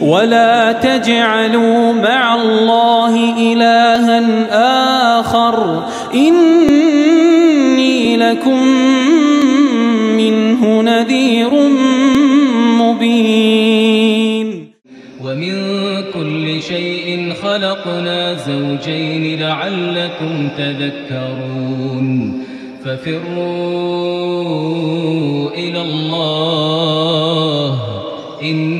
ولا تجعلوا مع الله إلها آخر إني لكم منه نذير مبين ومن كل شيء خلقنا زوجين لعلكم تذكرون ففروا إلى الله إن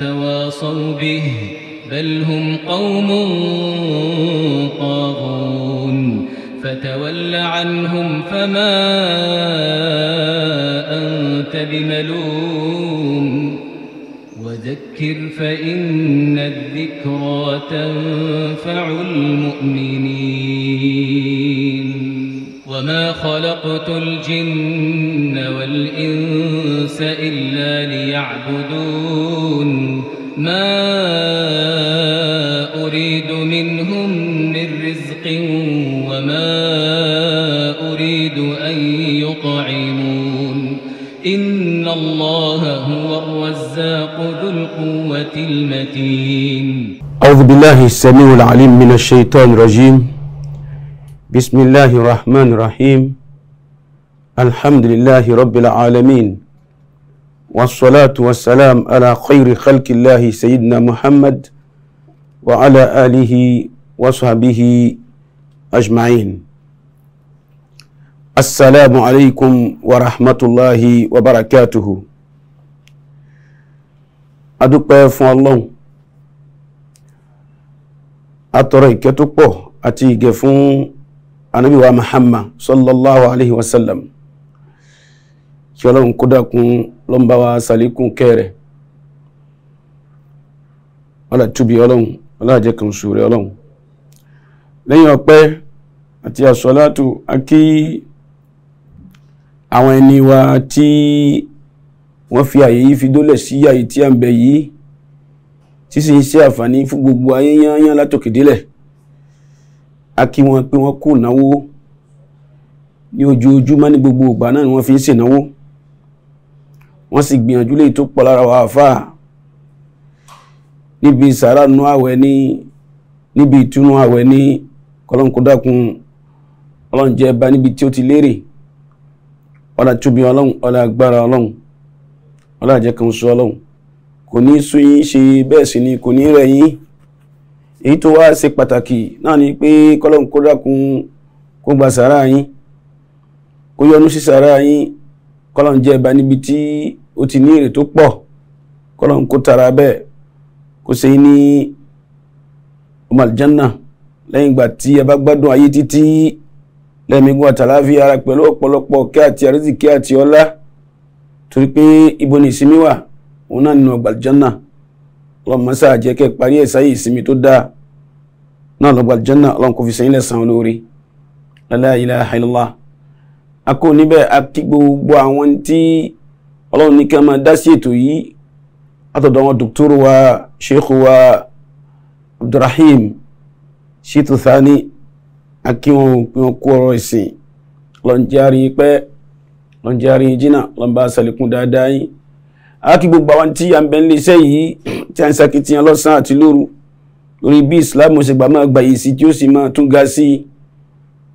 تواصوا به بل هم قوم طاغون فتول عنهم فما أنت بملوم وذكر فإن الذكرى تنفع المؤمنين وما خلقت الجن والإنس إلا ليعبدون ما أريد منهم من رزق وما أريد أن يطعمون إن الله هو الرزاق ذو القوة المتين أعوذ بالله السميع العليم من الشيطان الرجيم بسم الله الرحمن الرحيم الحمد لله رب العالمين والصلاة والسلام على خير خلق الله سيدنا محمد وعلى آله وصحبه أجمعين السلام عليكم ورحمة الله وبركاته أدوك fún الله atọrọ ìkẹ́ tó pọ̀ النبي محمد صلى الله عليه وسلم kí ọlọ́run kó dákun lọ́nbá wa sàlékún kẹrẹ̀ ọlá túbi ọlọ́run ọlájẹ́ kan sùn rẹ̀ ọlọ́run lẹ́yìn ọpẹ́ àti àsọlátù akí àwọn ẹni wa tí wọ́n fi àyè yìí fi dólẹ̀ sí àyè tí a ń bẹ yìí tí sì ń ṣe àǹfààní fún gbogbo ayé yányán látòkèdélẹ̀ akí wọn pé wọ́n kò náwó ní ojoojúmọ́ ní gbogbo ìgbà náà ni wọ́n fi ń ṣènáwó wọ́n sì gbìyànjú lè tó pọ̀ lára wa àfáà níbi sàárà nú àwẹ̀ ní níbi ìtúnú àwẹ̀ ní kọlọ́nkọdákun ọlọ́njẹ́ bá níbi tí ó ti lérè ọlá tóbi ọlọ́run ọlá agbára ọlọ́run ọlá àjẹkàn ọlọ́run kò ní sú yín ṣe bẹ́ẹ̀ sì ni kò ní rẹ̀ yín èyí tó wá ṣe pàtàkì náà ni pé kọlọ́nkọdákun kó gba sàárà yín kó yọ́nú sí sàárà yín kọlọ́njẹ́ bá níbi tí ó ti ní èrè tó pọ̀ kọ́lọ́n kó tara bẹ́ẹ̀ kó ṣe ní ọmọ àlùjànnà lẹ́yìn ìgbà tí ẹ bá gbádùn ayé títí lẹ́mìígún àtàláfi ara pẹ̀lú ọ̀pọ̀lọpọ̀ kí àti àrísìkí àti ọlá torí pé ibo ni ìsinmi wà òun náà nínú ọgbà àlùjànnà ọlọ́run mọ́sá jẹ́ kẹ́ parí ẹ̀ sáyé ìsinmi tó dáa náà lọ́gbà ọlọ́run kò fi sẹ́yìn lẹ́sàn-án olóore la ilaha illallah a kò níbẹ̀ a kí gbogbo àwọn tí ọlọ́run ní kí wọ́n máa dá sí ètò yìí látọ̀dọ̀ àwọn dòkítọ́rù wa sheikh wa abdulrahim shitu thani akínwọn pé wọn kó ọ̀rọ̀ ìsìn lọ́njárí pẹ́ lọ́njárí jìnnà lọ́nba sàlékún dáadáa yìí àkí gbogbo àwọn tí a ń bẹ ń léṣẹ́ yìí tí a ń sakitiyan lọ́sàn àti lóru lórí bí islam ṣe gbà máa gbàyè sí tí ó sì máa tún ga sí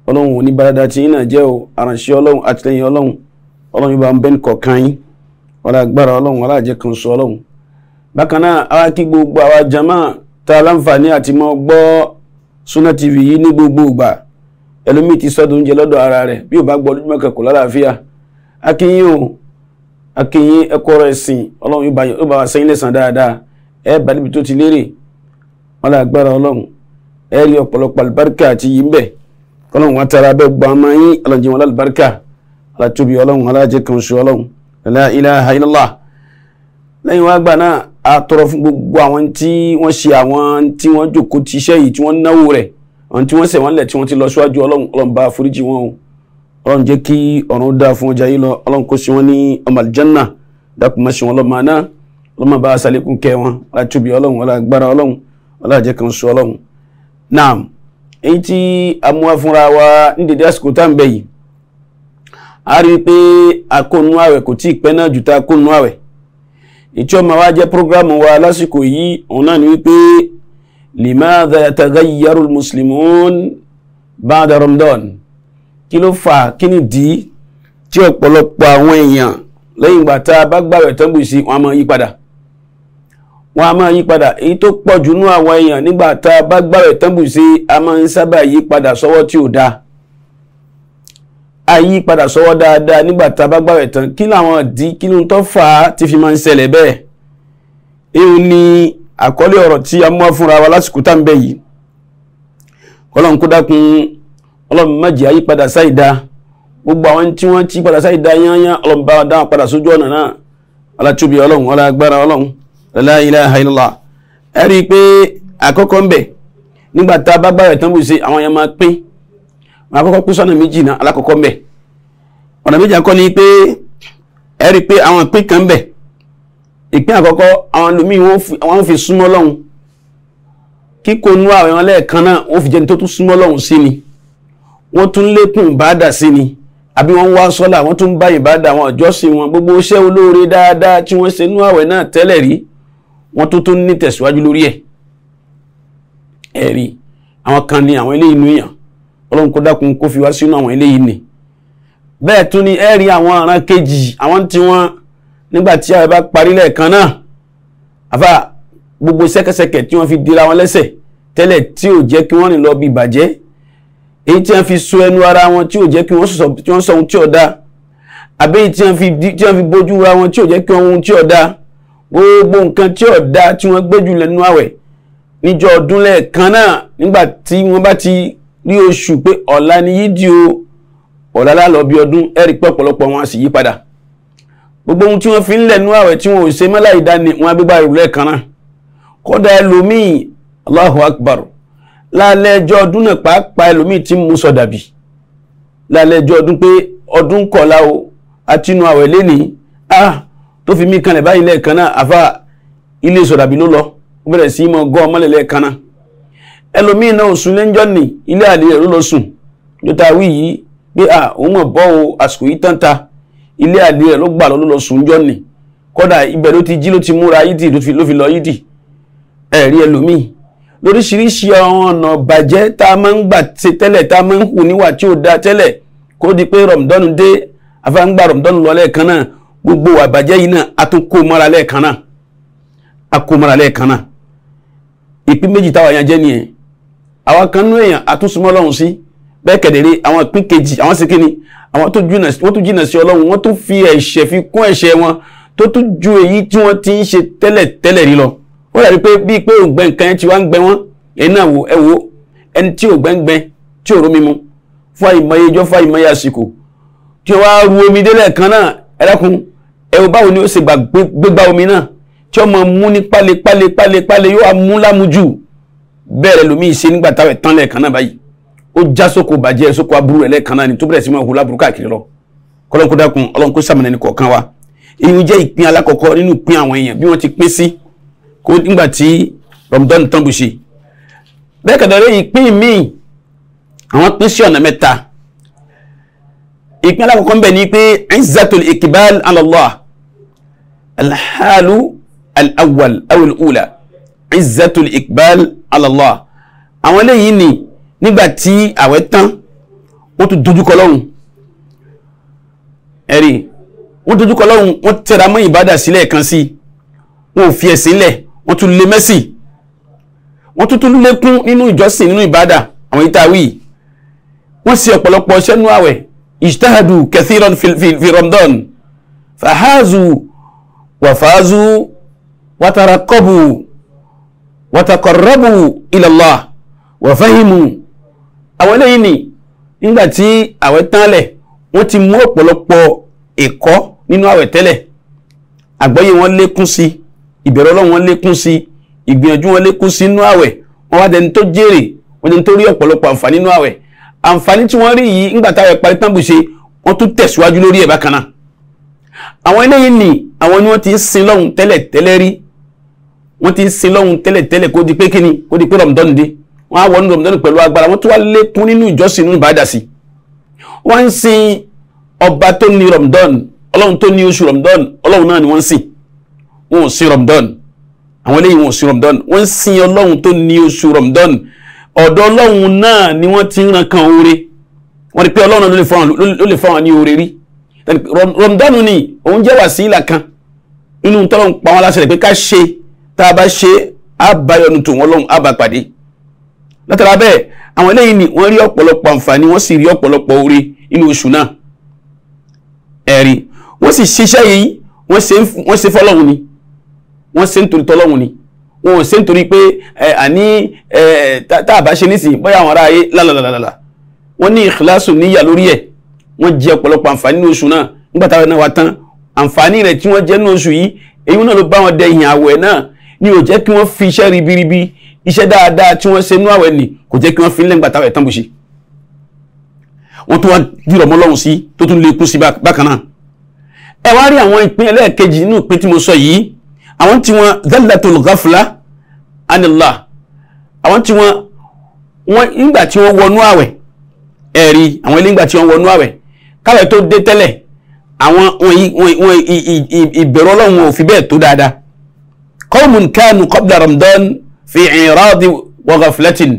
ọlọ́run ò ní báradà tí yín náà jẹ́ o àránṣẹ́ ọlọ́run àtìlẹ́yìn ọlọ́run ọlọ́run yóò bá ń bẹ́ẹ̀ kọ̀ọ̀kan yín ọlá agbára ọlọ́run ọlá àjẹ kan sọ ọlọ́run bákan náà àwa kí gbogbo àwa jama tá a láǹfààní àti mọ gbọ́ Sunna TV yìí ní gbogbo ìgbà ẹlòmíì ti sọdún oúnjẹ lọ́dọ̀ ara rẹ̀ bí ò bá gbọ́ lójúmọ́ kẹkọọ lálàáfíà akínyìn o akínyìn ẹ̀kọ́ ọ̀rọ̀ ẹ̀sìn ọlọ́run yóò bá wa sẹ́yìn lẹ́san dáadáa ẹ bá níbi tó ti lérè ọlá agbára ọlọ́run ẹ rí ọ̀pọ̀lọpọ̀ àlùbáríkà àti yìí bẹ ọlọ́run wa tara bẹ gbọmọ yín ọlọ́run jẹun ọlá àlùbáríkà ọlá kan ṣe ọlọ́run la ilaha illallah lẹ́yìn wá gbà náà a tọrọ fún gbogbo àwọn tí wọ́n ṣe àwọn tí wọ́n jòkó ti iṣẹ́ yìí tí wọ́n náwó rẹ̀ àwọn tí wọ́n ṣẹ̀ wọ́n lẹ̀ tí wọ́n ti lọ síwájú ọlọ́run ọlọ́run bá foríjì wọn o ọlọ́run jẹ́ kí ọ̀run dáa fún ọjà yìí lọ ọlọ́run kó ṣe wọ́n ní ọmọ àlìjánà dákun má ṣe wọn lọ́mọ náà ọlọ́mọ bá aṣàlékún kẹ́ wọn látúbi ọlọ́run ọlágbára ọlọ́run ọlájẹ́ kan sọ ọlọ́run náà èyí tí amúhàfúnra wa ní dédé àsìkò a rí i pé akónú àwẹ̀ kò tí ì pẹ́ náà jù tá wa jẹ́ prógrámù wa lásìkò yìí òun náà ni wípé limadha yataghayyaru muslimun ba'da ramadan kí fa kini di ni dí tí ọ̀pọ̀lọpọ̀ àwọn èèyàn lẹ́yìn ìgbà tá a bá gbàwẹ̀ tán gbèsè wọn a máa yí padà wọn a máa yí padà èyí tó pọ̀ jù nú àwọn èèyàn nígbà tá a bá a máa ń sábà yí padà sọ́wọ́ tí ò dáa àyí padà sọ́wọ́ dáadáa nígbà tá a bá gbàwẹ̀ tán kí làwọn ìdí kí ló ń tọ́ fà á ti fi máa ń ṣẹlẹ̀ bẹ́ẹ̀ èyí ni àkọlé ọ̀rọ̀ tí a mú wá fúnra wa lásìkò tá à ń bẹ yìí ọlọ́run kó dákun ọlọ́run má jẹ́ àyípadà sáìdá gbogbo àwọn tí wọ́n ti padà sáìdá yányán ọlọ́run bá wọn dáhùn padà sójú ọ̀nà náà alátúbi ọlọ́run ọlágbára ọlọ́run la pé wọn akọ́kọ́ pín sọ́nà méjì náà alákọ̀ọ́kọ́ mbẹ̀ ọ̀nà méjì akọ́ ni pé ẹ rí i pé àwọn ìpín kan mbẹ̀ ìpín àkọ́kọ́ àwọn ẹlòmíì wọ́n fi súnmọ́ lọ́hùn kíkó nú àwọn ẹran lẹ́ẹ̀kan náà wọ́n fi jẹni tó tún súnmọ́ lọ́hùn sí ni wọ́n tún lékún ìbáàdà sí ni àbí wọ́n wá sọ́là wọ́n tún bá ìbáàdà wọn ọ̀jọ́sìn wọn gbogbo iṣẹ́ olóore dáadáa tí wọ́n ṣe nú àwẹ̀ náà tẹ́lẹ̀ rí wọ́n tún tún ní tẹ̀síwájú lórí ẹ̀ ẹ̀rí àwọn kan ní àwọn ilé inú èèyàn ọlọ́run kó dákun kó fi wá sínú àwọn eléyìí ni bẹ́ẹ̀ tún ni ẹ rí àwọn aràn kejì àwọn tí wọ́n nígbà tí a bá parí lẹ́ẹ̀kan náà àfà gbogbo sẹ́kẹsẹkẹ tí wọ́n fi dira wọn lẹ́sẹ̀ tẹ́lẹ̀ tí ò jẹ́ kí wọ́n rìn lọ bí ìbàjẹ́ èyí tí wọ́n fi so ẹnu ara wọn tí ò jẹ́ kí wọ́n sọ ohun tí ò dáa àbí èyí tí wọ́n fi bójú ra wọn tí ò jẹ́ kí wọ́n ohun tí ò dáa gbogbo nǹkan tí ò da, tí wọ́n gbé jù lẹ́nu àwẹ̀ níjọ́ ọdún lẹ́ẹ̀kan náà nígbà tí wọ́n bá ti rí oṣù pé ọ̀la ni yí di o ọ̀la lálọ́ bí ọdún ẹ̀rí pé ọ̀pọ̀lọpọ̀ wọn a sì yí padà gbogbo ohun tí wọ́n fi ń lẹ̀ nú àwẹ̀ tí wọn ò ṣe mọ́lá ìdáni wọn agbégbá ìrùlẹ̀ kan náà kódà ẹlòmíì Allahu Akbar lálẹ́ ẹjọ́ ọdún náà pàápàá ẹlòmíì tí mú sọ dàbí lálẹ́ ẹjọ́ ọdún pé ọdún kọ̀ọ̀la o àtinú àwẹ̀ lénìí ah tó fi mí kanlẹ̀ báyìí lẹ́ẹ̀kan náà àfa ilé sọ̀dàbí ló lọ ó bẹ̀rẹ̀ sí mọ́ gọ́ ọmọlẹ̀ náà ẹlòmíì náà ò sùn lẹ́njọ́ nì ilé àlè ẹ̀rọ lọ sùn jọta wí yìí pé à òun mọ̀ bọ́ o àsìkò yìí tán ta ilé àlè ẹ̀ ló gbà lọ́ lọ sùn jọ́ nì kódà ibẹ̀ ló ti jí ló ti múra yídì ló fi lọ yídì ẹ̀rí ẹlòmíì lóríṣiríṣi àwọn ọ̀nà bàjẹ́ tá a máa ń gbà ṣe tẹ́lẹ̀ tá a máa ń hù níwà tí ò da tẹ́lẹ̀ kó di pé rọ̀mùdọ́nù dé afáǹgbà rọ̀mùdọ́nù lọ lẹ́ẹ̀kan náà gbogbo wà bàjẹ́ yìí náà a tún kó mọ́ra lẹ́ẹ̀kan náà a kó mọ́ra lẹ́ẹ̀kan náà ìpín méjì táwa yẹn nìyẹn àwọn kan nú èèyàn àtúnṣumọ́ ọlọ́run sí bẹ́ẹ̀ kẹ̀dẹ̀rẹ́ àwọn ìpín kejì àwọn sì kíni àwọn tó jìnà sí ọlọ́run wọ́n tún fi ẹ̀ṣẹ̀ fi kún ẹ̀ṣẹ̀ wọn tó tún ju èyí tí wọ́n ti ń ṣe tẹ́lẹ̀ tẹ́lẹ̀ rí lọ ó dàbí pé bíi pé òǹgbẹ nǹkan yẹn ti wá ń gbẹ wọ́n ẹ̀yin náà wò ẹ wò ẹni tí òǹgbẹ ń gbẹ tí ò rómi mu fún àìmọye ijọ́ fún àìmọye àsìkò tí wọ́n wá ru omi délẹ̀ kan náà ẹ ẹ wò báwo ni ó ṣe gbà gbégbá omi náà tí ọmọ mú ní pálépálépálépálé yóò wá mú lámú bẹ́ẹ̀ lomi ṣe nígbà táwọn ẹ̀ tán lẹ́ẹ̀kan náà báyìí ó já sóko bàjẹ́ sóko aburú rẹ̀ lẹ́ẹ̀kan náà ni tó bẹ̀rẹ̀ sí máa hu láburú káàkiri lọ kọ́lọ́nkó dákun ọlọ́nkó sàmìnà ní kọ̀ọ̀kan wa èyí jẹ́ ìpín alákọ̀ọ́kọ́ nínú ìpín àwọn èèyàn bí wọ́n ti pín sí kó nígbà tí Ramadan tán ṣe bẹ́ẹ̀ kàdọ̀rẹ́ ìpín míì àwọn pín sí ọ̀nà mẹ́ta ìpín alákọ̀ọ́kọ́ ń bẹ ní pé izzatul ikbal ala Allah alhalu alawal awul ula izzatul alallah àwọn eléyìí ni nígbà tí àwẹ̀ tán wọ́n tún dojúkọ lọ́hùn ẹ̀rí wọ́n dojúkọ lọ́hùn wọ́n tẹra mọ́ ìbádà sílẹ̀ kan sí wọn ò fi ẹ̀sìn lẹ̀ wọ́n tún lé mẹ́sì wọ́n tún tún lékún nínú ìjọsìn nínú ìbádà àwọn ìtawí wọ́n ṣe ọ̀pọ̀lọpọ̀ iṣẹ́ àwẹ̀ ijtahadu kathiran fi, fi, fi Ramadan wàtàkọ̀rọ́bù ilallah wàfẹ́hìmù àwọn eléyìí ni nígbàtí àwẹ̀ tánlẹ̀ wọ́n ti mú ọ̀pọ̀lọpọ̀ ẹ̀kọ́ nínú àwẹ̀ tẹ́lẹ̀ àgbọ́yé wọn lékún sí ìbẹ̀rẹ̀ Ọlọ́run wọn lékún sí ìgbìyànjú wọn lékún sí nínú àwẹ̀ wọn wá dẹni tó jèrè wọn dẹni tó rí ọ̀pọ̀lọpọ̀ àǹfààní nínú àwẹ̀ àǹfààní tí wọ́n rí yìí nígbà táwẹ̀ parí tán bùṣe wọ́n tún tẹ̀síwájú lórí ẹ̀ bákan náà àwọn eléyìí ni àwọn ni wọ́n ti ń sin lọ́hùn tẹ́lẹ̀ tẹ́lẹ̀ rí wọ́n ti ń sin lọ́hun tẹ́lẹ̀tẹ́lẹ̀ kó di pé kíni kó di pé rọ̀mùdọ́nù dé wọ́n á wọnú rọ̀mùdọ́nù pẹ̀lú agbára wọ́n tún wá lékún nínú ìjọsìn nínú ìbáradà sí wọ́n ń sin ọba tó ní rọ̀mùdọ́nù ọlọ́run tó ní oṣù rọ̀mùdọ́nù ọlọ́run náà ni wọ́n ń sìn wọn ò sin rọ̀mùdọ́nù àwọn eléyìí wọn ò sin rọ̀mùdọ́nù wọ́n ń sin ọlọ́run tó ní oṣù rọ̀mùdọ́nù ọ̀dọ̀ ọlọ́run ni wọ́n ti ni òun jẹ́ wàsílà kan nínú tọ́lọ́run tá a bá ṣe á bá yọnu tò wọ́n lọ́hùn á bá pàdé látara bẹ́ẹ̀ àwọn eléyìí ni wọ́n rí ọ̀pọ̀lọpọ̀ àǹfààní wọ́n sì rí ọ̀pọ̀lọpọ̀ oore nínú oṣù náà ẹ̀rí wọ́n sì ṣiṣẹ́ yìí wọ́n ṣe fọ́lọ́hùn ni wọ́n ṣe nítorí tọ́lọ́hùn ni wọn ò ṣe nítorí pé àní tá a bá ṣe nísìnyí bóyá àwọn ará ayé lálàlàlà wọ́n ní ìkìláṣù níyà lórí ẹ̀ wọ́n jẹ ọ̀pọ̀lọpọ̀ àǹfààní nínú oṣù náà nígbà táwọn náà wá tán àǹfààní rẹ̀ tí wọ́n jẹ nínú oṣù yìí èyí náà ló bá wọn dẹ ìhìn àwẹ̀ náà ni ò jẹ́ kí wọ́n fi iṣẹ́ ribiribi iṣẹ́ dáadáa tí wọ́n ṣe nú àwẹ̀ nì kò jẹ́ kí wọ́n fi lẹ́ngbà táwẹ̀ tán bó ṣe wọ́n tún wá dìrọ̀ mọ́ lọ́hùn sí tó tún lè kú sí bákan náà ẹ wá rí àwọn ìpín ẹlẹ́ẹ̀kejì nínú ìpín tí mo sọ yìí àwọn tí wọ́n zallatul ghafla anillah àwọn tí wọ́n wọ́n nígbà tí wọ́n wọnú àwẹ̀ ẹ̀rí àwọn ilé nígbà tí wọ́n wọnú àwẹ̀ káwẹ̀ tó dé tẹ́lẹ̀ àwọn ìbẹ̀rù Ọlọ́run ò fi bẹ́ẹ̀ tó dáadáa qawmun كانوا قبل رمضان في i'radi wa ghaflatin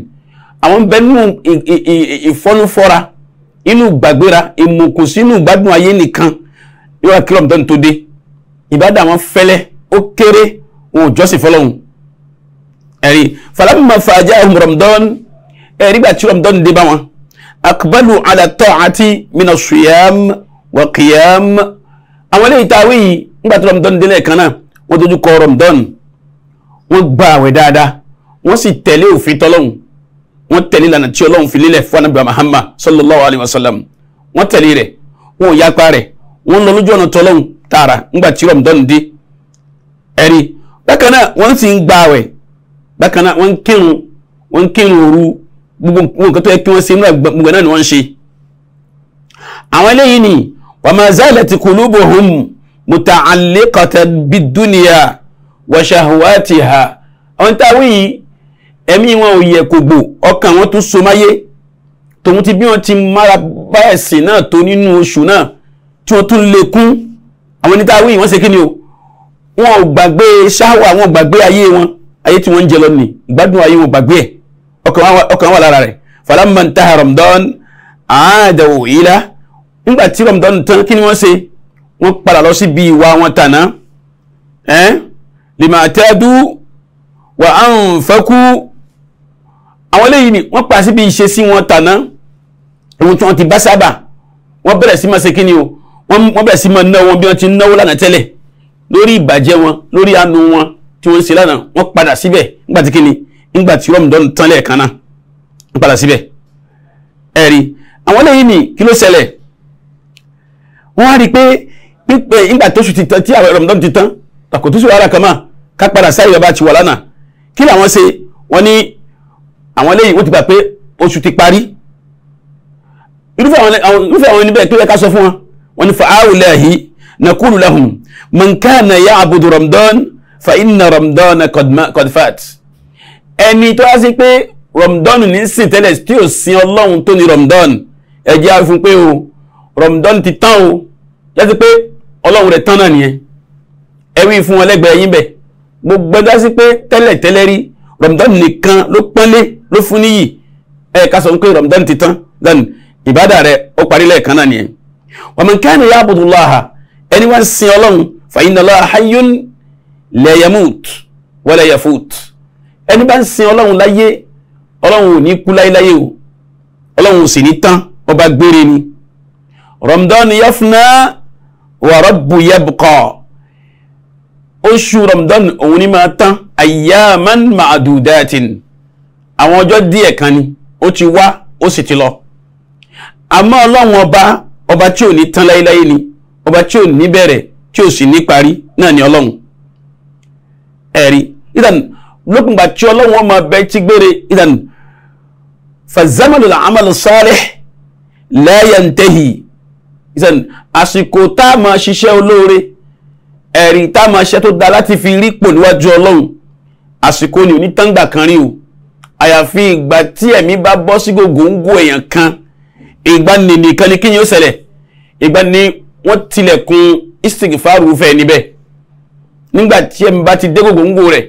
àwọn bẹ nínú ìfọnúfọ́ra inú gbàgbéra ìmùkùsínú gbádùn ayé nìkan yóò kí ramadan tó dé ìbádà wọn fẹ́lẹ́ ó kéré wọn ò jọ́sìn fọlọ́hún ẹ̀rí falamma fa'ajahum ramadan ẹ̀rí gbà tí ramadan dé bá wọn akbalu ala ta'ati mina suyam wa qiyam àwọn eléyìí tá a wí yìí ńgbà tí ramadan dé lẹ́ẹ̀kan náà wọ́n dojú kọ ramadan wọ́n gba àwẹ̀ dáadáa wọ́n sì tẹ̀lé òfin tọ́lọ́hun wọ́n tẹ̀lé lànà tí ọlọ́hun fi lélẹ̀ fún anábìá Muhammad sallallahu alayhi wa sallam wọ́n tẹ̀lé rẹ̀ wọ́n yapa rẹ̀ wọ́n lọ lójú ọ̀nà tọ́lọ́hun tààrà ńgbà tí rọ̀mùdọ́nù dé ẹ̀rí bákan náà wọ́n sì ń gba àwẹ̀ bákan náà wọ́n ń kírun wọ́n ń kírun òru gbogbo nǹkan tó yẹ kí wọ́n ṣe wàṣàhùwàtìhà ọ̀n táwí yìí ẹ̀mí wọn ò yẹ kò gbò ọkàn wọn tún so máyé tòun ti bí wọn ti mára bá ẹ̀sìn náà tó nínú oṣù náà tí wọn tún lè kún àwọn ní táwí yìí wọ́n ṣe kí ni o wọn ò gbàgbé ṣáwà wọn gbàgbé ayé wọn ayé tí wọ́n ń jẹ lọ nì ìgbádùn ayé wọn gbàgbé ẹ̀ ọkàn wà lára rẹ̀ falamma ntaha Ramadan àádọ́wò ìlà nígbà tí Ramadan tán kí ni wọ́n ṣe wọ́n padà lọ síbi ìwà wọn tàná ẹ́ lima tadu wa anfaku àwọn eléyìí ni wọ́n pa síbi ìṣesí wọn tàná ohun tí wọ́n ti bá sábà wọ́n bẹ̀rẹ̀ sí máa ṣe kí ni o wọ́n bẹ̀rẹ̀ sí máa náwó bí wọ́n ti náwó lánàá tẹ́lẹ̀ lórí ìbàjẹ́ wọn lórí àánú wọn tí wọ́n ń ṣe lánàá wọ́n padà síbẹ̀ nígbà tí kí ni nígbà tí rọ́mùdọ́n tán lẹ́ẹ̀kan náà wọ́n padà síbẹ̀ ẹ̀rí àwọn eléyìí ni kí ló ṣẹlẹ̀ wọ́n á rí i pé nígbà tó ti tán tí àwọn rọ́mùdọ́n ti tán tàkòtúṣù rárá kan máa ká padà sáyé bàbá ti wà lánàá kí làwọn ṣe wọ́n ní àwọn eléyìí wọ́n ti gbà pé oṣù ti parí irúfẹ́ àwọn ẹni bẹ́ẹ̀ tó yẹ ká sọ fún wọn wọ́n ní fa'awulahi nakulu lahum man kana ya'budu ramadan fa inna ramadan qad ẹni tó yá sí pé ramadan ní sìn tẹ́lẹ̀ tí ò sin ọlọ́run tó ní ramadan ẹ̀jẹ̀ á pé o ramadan ti tán o yá sí pé ọlọ́run rẹ̀ tán náà nìyẹn ẹ fún wọn yín bẹ́ẹ̀ gbogbo ẹjọ́ sí pé tẹ́lẹ̀ tẹ́lẹ̀ rí Ramadan nìkan ló pọ́nlé ló fún níyì ẹ ká sọ pé Ramadan ti tán then ìbádà rẹ ó parí lẹ́ẹ̀kan náà nìyẹn wa man kana ya'budu Allaha ẹni wá ń sin ọlọ́run fa inna Allaha hayyun la ẹni bá ń sin ọlọ́run láyé ọlọ́run ò ní kú láyéláyé o ọlọ́run ò sì ní tán ọba gbére ni Ramadan yafna wa rabbu yabqa oṣù Ramadan òun ni máa tán ayyaman ma'adudatin àwọn ọjọ́ díẹ̀ kan ni ó ti wá ó sì ti lọ àmọ́ ọlọ́run ọba ọba tí ò ní tán láéláé ni ọba tí ò ní bẹ̀rẹ̀ tí ò sì ní parí náà ni ọlọ́run ẹ̀rí ìdàn lókùngbà tí ọlọ́run ọmọ ọbẹ̀ ti gbére ìdàn fazamanul amalu salih la yantahi ìdàn àsìkò tá a máa ṣiṣẹ́ olóore ẹ̀rí tá a máa ṣe tó dáa láti fi rí pò níwájú ọlọ́run àsìkò ni òní tàǹgbà kan rí o àyàfi ìgbà tí ẹ̀mí bá bọ́ sí gògóńgò èèyàn kan ìgbà nìní kan ni kíyìn ó ṣẹlẹ̀ ìgbà ni wọ́n tilẹ̀kùn istigfaru fẹ́ níbẹ̀ nígbà tí ẹ̀mí bá ti dé gògóńgò rẹ̀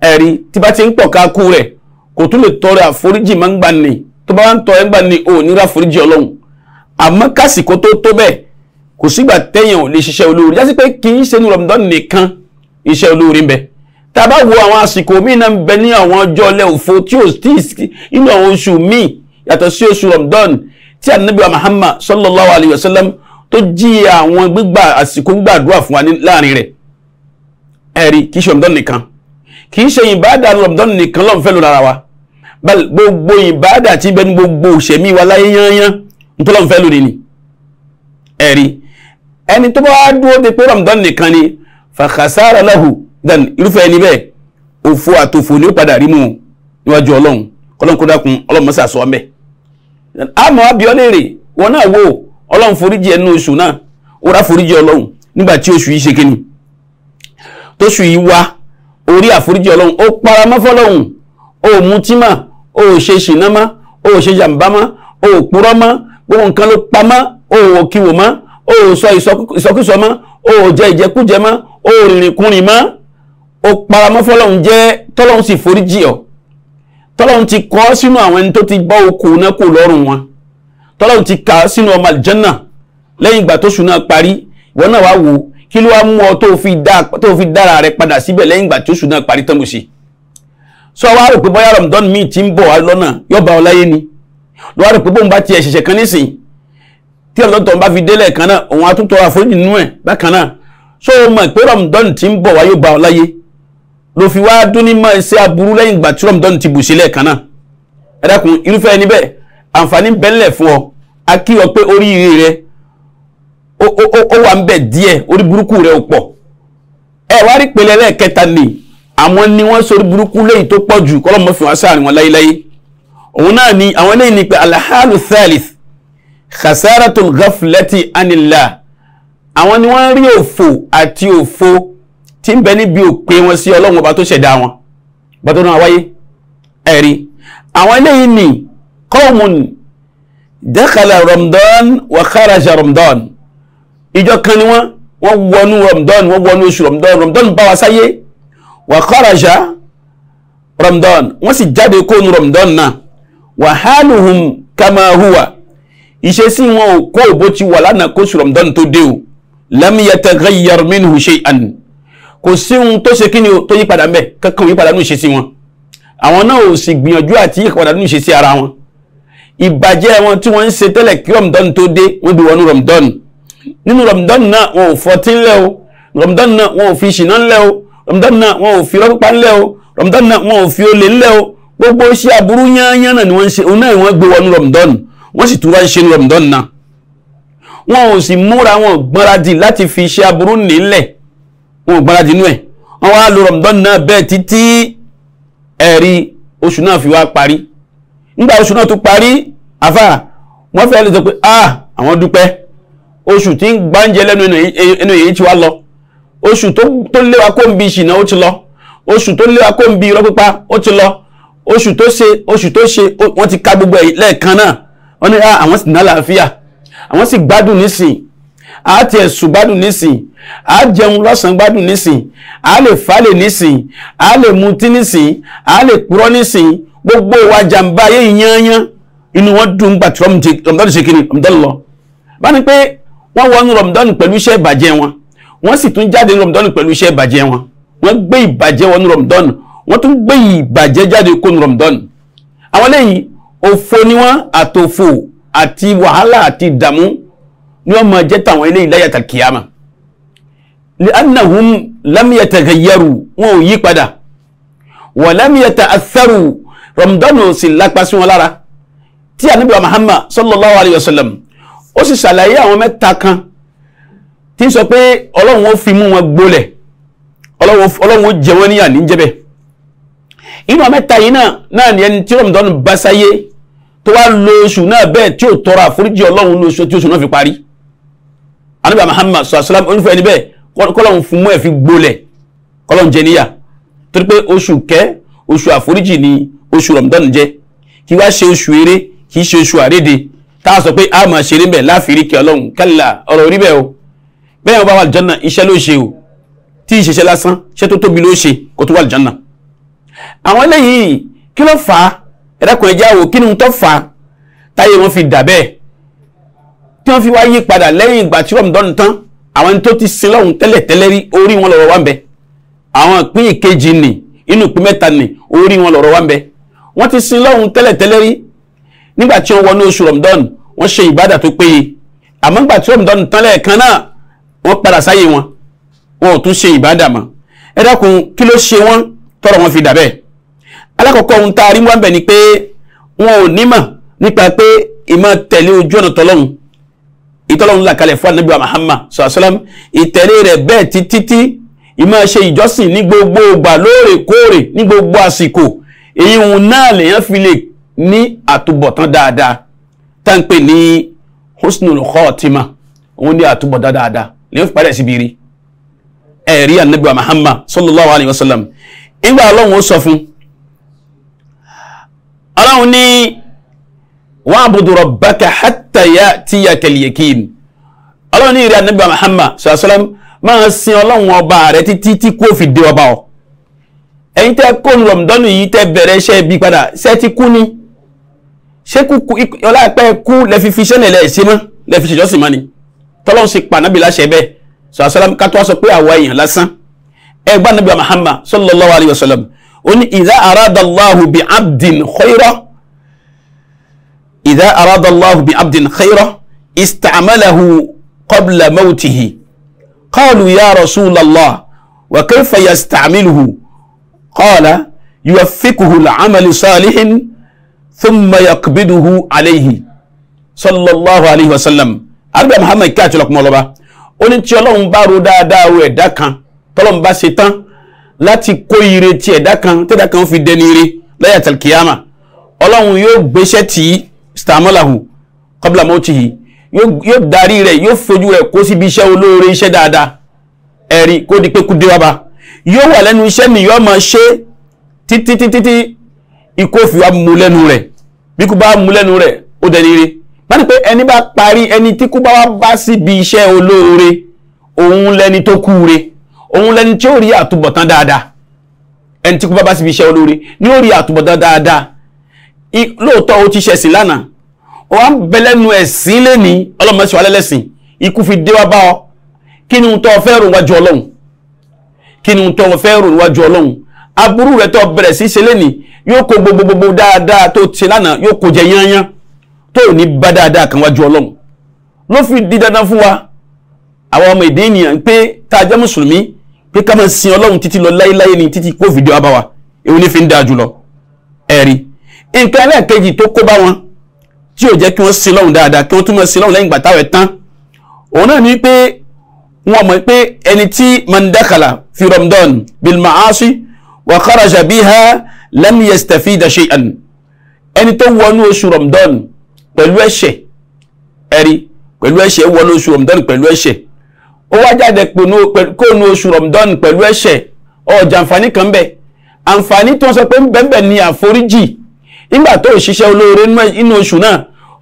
ẹ̀rí tí bá ti ń pọ̀ka kú rẹ̀ kò tún lè tọrẹ àforíjì máa ń gbà tó bá wá ń tọrẹ ń gbà òní rà àforíjì ọlọ́run àmọ́ kásìkò tó tó bẹ́ẹ̀ kò sígbà tẹ́yàn ò lè ṣiṣẹ́ olóore jásí pé kì í ṣe ní Ramadan nìkan iṣẹ́ olóore ń bẹ tá a bá wo àwọn àsìkò míì náà ń bẹ ní àwọn ọjọ́ ọlẹ́ òfo tí ò tí inú àwọn oṣù míì yàtọ̀ sí oṣù Ramadan tí ànábì wa Muhammad sallallahu alayhi wa sallam tó jí àwọn gbígbà àsìkò gbàdúrà fún wa láàrin rẹ̀ ẹ̀rí kì í ṣe Ramadan nìkan kì í ṣe ìbáàdà Ramadan nìkan lọ́n fẹ́ lò lára wa gbogbo ìbáàdà tí bẹ́ẹ̀ ni gbogbo òṣèmí wa láyé yányán ń tó lọ́n fẹ́ lò nìyí ẹ̀rí ẹni tó bá wá dúró de pé ramadan nìkan ni fàkàsára lahu dan irúfẹ́ ẹni bẹ́ẹ̀ òfo àtòfò ni ó padà rí mu níwájú ọlọ́run kọ́lọ́n kó dákun ọlọ́run mọ́sà sọ ọ́mẹ́ àmọ́ abíọ́ léèrè wọn náà wò ọlọ́run foríjì ẹnu oṣù náà ó rà foríjì ọlọ́run nígbà tí oṣù yìí ṣe kíni tóṣù yìí wá orí àforíjì ọlọ́run ó para mọ́ fọlọ́run ó mutí mà ó ṣe ṣìnà ó ṣe jàǹbá ó purọ́ mọ́ gbogbo nǹkan ló pa ó wò kíwò mọ́ o ò sọ ìsọkúsọ mọ́ o ò jẹ ìjẹkújẹ mọ́ o ò rìnrìnkùnrin mọ́ o paramọ́ fọlọ́run jẹ́ tọ́lọ́run sì foríjì ọ́ tọ́lọ́run ti kọ́ sínú àwọn ẹni tó ti bọ́ okò náà kò lọ́rùn wọn tọ́lọ́run ti kà á sínú ọmọ àlìjánà lẹ́yìn ìgbà tó ṣùnà parí ìwọ náà wá wò kí ló wá mú ọ tó fi dára rẹ padà síbẹ̀ lẹ́yìn ìgbà tó ṣùnà parí tán mo ṣe sọ wá rò pé bóyá Ramadan míì ti ń bọ̀ wá lọ́nà yọba ọláyé ni lọ́wọ́ rò pé bóun bá tiẹ̀ ṣẹ̀ṣẹ̀ kan nísìnyí tí ọlọ́tọ̀ bá fi délẹ̀ kan náà òun atúntọ́ àforíjì nínú ẹ̀ bákan náà so mọ̀ pé rọ̀mùdọ́nù ti ń bọ̀ wáyé ba ọ láyé ló fi wá dún ní máa ṣe aburú lẹ́yìn ìgbà tí rọ̀mùdọ́nù ti bù sílẹ̀ kan náà ẹ dákun irúfẹ́ ẹni bẹ́ẹ̀ àǹfààní bẹ́ńlẹ̀ fún ọ a kí ọ pé oríire rẹ ó wà ń bẹ̀ díẹ̀ orí burúkú rẹ ò pọ̀ ẹ wá rí pèlè lẹ́ẹ̀kẹta ni àwọn ni wọ́n sori burúkú lẹ́yìn tó pọ̀ jù kọ́lọ́mọ́fìn wọn láyéláyé òun náà ni àwọn eléyìí ni pé alahalu thalith khasaratun ghaflati anillah àwọn ni wọ́n rí òfò àti òfò tí ń bẹ níbi òpè wọn sí ọlọ́run ọba tó ṣẹ̀dá wọn bọ́tọ́ náà wáyé ẹ̀rí àwọn eléyìí ni qawmun dakhala ramadan wa kharaja ramadan ìjọ kan ni wọ́n wọ́n wọnú ramadan wọ́n wọnú oṣù ramadan ramadan bá wa sáyé wa kharaja ramadan wọ́n sì jáde kóònù ramadan náà wa haluhum kama ìṣesí wọn ò kó bó ti wà lánàá kó sùrọ̀ mọ́tọ́nù tó dé o lam yataghayyar minhu shay'an kò sí ohun tó ṣe kíni tó yípadà ń bẹ̀ kankan ò yípadà nù ìṣesí wọn àwọn náà ò sì gbìyànjú àti yípadà nù ìṣesí ara wọn ìbàjẹ́ wọn tí wọ́n ń ṣe tẹ́lẹ̀ kí rọ̀mùdọ́nù tó dé wọ́n bí wọnú rọ̀mùdọ́nù nínú rọ̀mùdọ́nù náà wọn ò fọtí ńlẹ̀ o rọ̀mùdọ́nù náà wọn ò fi ṣìnà ńlẹ̀ o rọ̀mùdọ́nù náà wọn ò fi rọ́pípa ńlẹ̀ o rọ̀mùdọ́nù náà wọn ò fi olè ńlẹ̀ o gbogbo iṣẹ́ aburú yányán náà ni wọ́n ń ṣe òun náà wọ́n gbé wọnú rọ̀mùdọ́nù wọ́n sì tún wá ń ṣe ní Ramadan náà wọn ò sì múra wọn gbáradì láti fi iṣẹ́ aburú nílẹ̀ wọn ò gbáradì inú ẹ̀ wọ́n wá lo Ramadan náà bẹ́ẹ̀ títí ẹ̀rí oṣù náà fi wá parí nígbà oṣù náà tó parí àfà wọ́n fẹ́ lè sọ pé ah àwọn dúpẹ́ oṣù tí ń gbáǹjẹ lẹ́nu ẹnu èyí ti wá lọ oṣù tó léwa kó ń bi ìṣìnà ó ti lọ oṣù tó léwa kó ń bi irọ́ pípa ó ti lọ oṣù tó ṣe oṣù tó ṣe wọ́n ti ka gbogbo ẹ̀ lẹ́ẹ̀kan náà wọ́n ní ah, àwọn sì nálàáfíà àwọn sì gbádùn nísìn a ti ẹ̀sùn gbádùn nísìn a jẹun lọ́sàn gbádùn nísìn a lè falè nísìn a lè mutí nísìn a lè purọ́ nísìn gbogbo wa jàǹbá ayé yányán inú wọn dùn gbà tí rọmọdọ́nù ṣe kiri rọmọdọ́nù lọ bá ní pé wọ́n wọnú rọmọdọ́nù pẹ̀lú iṣẹ́ ìbàjẹ́ wọn wọ́n sì tún jáde rọmọdọ́nù pẹ̀lú iṣẹ́ ìbàjẹ́ wọn wọ́n gbé ìbàjẹ́ wọnú rọmọdọ́nù wọ́n tún gbé ìbàjẹ́ jáde kónú rọmọdọ́nù àwọn lẹ́yìn òfò ni wọ́n àtòfò àti wàhálà àti ìdàmú ni wọ́n máa jẹ́ tàwọn eléyìí láyà tàkìyàmà li annahum lam yataghayyaru wọn ò yí padà wa lam yata'atharu rọ̀mùdọ́nù sì lápá sí wọn lára tí ànábì wa Muhammad sallallahu alayhi wa sallam ó sì ṣàlàyé àwọn mẹ́ta kan tí ń sọ pé ọlọ́run ó fi mú wọn gbolẹ̀ ọlọ́run ó jẹ wọ́n ní jẹ́bẹ̀ẹ́ ìmọ̀ mẹ́ta yìí náà náà ni ẹni tí rọ̀mùdọ́nù bá sáyé tó wá lo oṣù náà bẹ́ẹ̀ tí ò tọrọ àforíjì ọlọ́run lóṣù tí oṣù náà fi parí anábì Muhammad sàlám onífẹ́ ẹni bẹ́ẹ̀ kọ́lọ́hún fún mọ́ ẹ̀ fi gbolẹ̀ kọ́lọ́hún jẹ níyà torí pé oṣù kẹ́ oṣù àforíjì ni oṣù rọ̀mùdọ́nù jẹ́ kí wá ṣe oṣù eré kì í ṣe oṣù àrédè tá a sọ pé a máa ṣeré bẹ́ẹ̀ láfìrí kí ọlọ́run kálá ọ̀rọ̀ orí bẹ́ẹ̀ o bẹ́ẹ̀ wọ́n bá wà lìjọ́nà iṣẹ́ ló ṣe o tí ì ṣiṣẹ́ lásán iṣẹ́ tó tóbi ló ṣe kó tó wà lìjọ́nà àwọn eléyìí kí ló fà á ẹ̀dàkùn ẹja wò kí ni tó fà á táyé wọn fi dà bẹ́ẹ̀ tí wọ́n fi wá yí padà lẹ́yìn ìgbà tí wọ́n dọ́nu tán àwọn ẹni tó ti sin lọ́hùn tẹ́lẹ̀ tẹ́lẹ̀ rí orí wọn lọ́rọ̀ wá ń bẹ àwọn ìpín ìkejì nì inú ìpín mẹ́ta nì orí wọn lọ́rọ̀ wá ń bẹ wọ́n ti sin lọ́hùn tẹ́lẹ̀ tẹ́lẹ̀ rí nígbà tí wọ́n wọnú oṣù Ramadan wọ́n ṣe ìbádà tó péye àmọ́ nígbà tí Ramadan tán lẹ́ẹ̀kan náà wọ́n padà sáyé wọn wọn ò tún ṣe ìbádà mọ́ ẹ dákun kí ló ṣe wọ́n tọrọ wọn fi dà bẹ́ẹ̀ alákọ̀ọ́kọ́ ohun tá a rí wọn bẹ̀ ni pé wọn ò nímọ̀ nípa pé ìmọ̀ tẹ̀lé ojú ọ̀nà tọlọ́hun ìtọ́lọ́hun là kalẹ̀ fún anabi Muhammad sàlám ìtẹ̀lé rẹ̀ bẹ́ẹ̀ títí ìmọ̀ ṣe ìjọsìn ní gbogbo ìgbà lóòrèkóòrè ní gbogbo àsìkò èyí òun náà lèèyàn fi lè ní àtúbọ̀tán dáadáa tá n pè ní husnul khotima òun ní àtúbọ̀tán dáadáa lèèyàn fi padà síbi rí ẹ̀rí anabi Muhammad sallallahu alayhi wa sallam nígbà ọlọ́run ó sọ fún ọlọ́run ní wa'budu rabbaka hatta ya'tiyakal yakin ọlọ́run ní ìrẹ́ ànábì Muhammad sàṣọ́lám máa sin ọlọ́run ọba rẹ̀ títí tí kò fi dé ọba ọ ẹ̀yin tẹ́ kó rọ̀mùdọ́nù yìí tẹ́ bẹ̀rẹ̀ iṣẹ́ ibi padà ṣẹ́ ti kú ni ṣé kúkú ọlápẹ́ kú lẹ́fi fi ṣẹ́lẹ̀ lẹ́ẹ̀ṣẹ́ mọ́ lẹ́fi ṣèjọ́sìn mọ́ ni tọ́lọ́run sì pa ànábì láṣẹ bẹ́ẹ̀ sàṣọ́lám ká tó wá sọ pé àwa èèyàn lásán ẹgbà nàbí Muhammad sallallahu alayhi wa sallam ó ní idha arada Allahu bi abdin khayra idha arada Allahu bi abdin khayra ista'malahu qabla mawtihi qalu ya rasulallah wa kayfa yasta'miluhu qala yuwaffiquhu al-amalu salihin thumma yaqbiduhu alayhi sallallahu alayhi wa sallam ànábì Muhammad kí àti ọlọ́kùnmọ́ lọ́ba ó ní tí ọlọ́run bá ro dáadáa ro ẹ̀dá kan tọ́lọ́n bá ṣe tán láti kó ire ti ẹ̀dá kan tẹ́dá kan fi dẹni ire lẹ́yà tàlkìyàmà ọlọ́run yóò gbéṣẹ́ tì í stamọ́làhù kọ́bílà mọ́tìhì yóò darí rẹ̀ yóò fojú rẹ̀ kó síbi iṣẹ́ olóore iṣẹ́ dáadáa ẹ̀rí kó di pé kú dé wá ba yóò wà lẹ́nu iṣẹ́ ni yóò máa ṣe títí títí tí ikú fi wá mu lẹ́nu rẹ̀ bí kú bá mu lẹ́nu rẹ̀ ó dẹni ire bá ní pé ẹni bá parí ẹni tí kú bá wá bá síbi iṣẹ́ olóore òun lẹni tó kú re òun lẹni tí ó rí àtúbọ̀tán dáadáa ẹni tí kú bábá sì fi ṣe olóore ni ó rí àtúbọ̀tán dáadáa lóòótọ́ ó ti ṣẹ̀sìn lánàá ó wá ń bẹ lẹ́nu ẹ̀sìn lẹ́ni ọlọ́mọ̀ọ́sì wà lẹ́lẹ́sìn ikú fi dé wá bá ọ kí ni tó fẹ́ rò níwájú ọlọ́run kí ni tó fẹ́ rò níwájú ọlọ́run aburú rẹ tó bẹ̀rẹ̀ sí ṣe lẹ́ni yóò kó gbogbogbò dáadáa tó ti lánàá yóò kó jẹ yányán tó ò ní bá dáadáa kan wájú ọlọ́run ló fi di dandan fún wa àwọn ọmọ èdè ènìyàn pé tá a jẹ́ mùsùlùmí pé ká máa sin ọlọ́run títí lọ láéláé ni títí kó fìdí wa bá wa èwo ní fi ń dáa jùlọ ẹ̀rí nǹkan ẹlẹ́ẹ̀kejì tó kó bá wọn tí ò jẹ́ kí wọ́n sin lọ́run dáadáa kí wọ́n tún máa sin lọ́run lẹ́yìn gbàtà tán òun náà ni pé wọ́n mọ̀ pé ẹni tí mandakala fi Ramadan bil ma'asi wa kharaja biha lam yastafida shay'an ẹni tó wọnú oṣù Ramadan pẹ̀lú ẹ̀ṣẹ̀ ẹ̀rí pẹ̀lú ẹ̀ṣẹ̀ wọnú oṣù Ramadan pẹ̀lú ẹ̀ṣẹ̀ ó wá jáde kóònù oṣù Ramadan pẹ̀lú ẹ̀ṣẹ̀ ọjà àǹfààní kan bẹ̀ àǹfààní tó ń sọ pé bẹ́ẹ̀ ni àforíjì nígbà tó ṣiṣẹ́ olóore nínú oṣù náà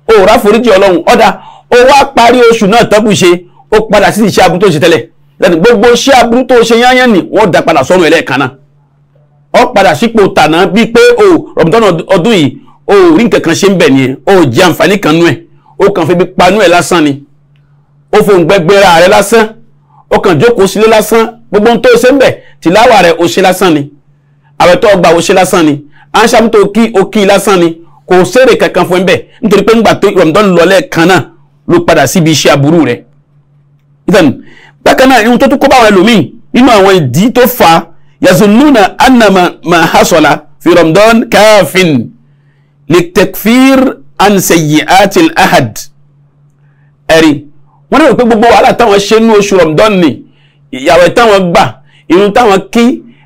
ó rà àforíjì ọlọ́run ọ̀dà ó wá parí oṣù náà tọ́bù ṣe ó padà sí iṣẹ́ aburú tó ṣe tẹ́lẹ̀ lẹ́nu gbogbo iṣẹ́ aburú tó ṣe yányán ni wọ́n dá padà sọ́run ẹlẹ́ẹ̀kan náà ó padà sípò tàná bíi pé o Ramadan ọdún yìí o rí nǹkan kan ṣe ń bẹ̀ nìyẹn o jẹ àǹfààní kan nú ẹ̀ o kàn fi bí panú ẹ̀ lásán ni ó fohùn gbẹgbẹra rẹ lásán ó kàn jókòó sílé lásán gbogbo ohun tó ṣe ń bẹ̀ tìláwà rẹ ó ṣe lásán ni àwẹ̀ tó gbà ó ṣe lásán ni anṣam tó kí ó kí lásán ni kò sèrè kankan fún ẹ bẹ́ẹ̀ nítorí pé ńgbà tó Ramadan lọ lẹ́ẹ̀kan náà ló padà síbi iṣẹ́ aburú rẹ̀ ìtàn bákan náà ihun tó tún kó báwọn ẹlòmíì nínú àwọn ìdí tó fà á yazununa anna fi Ramadan káfíìn lè takfir an ahad ẹ̀rí wọ́n lérò pé gbogbo wàhálà táwọn ṣe nínú oṣù rọ̀mdọ́n ni ìyàwó táwọn gbà irun táwọn kí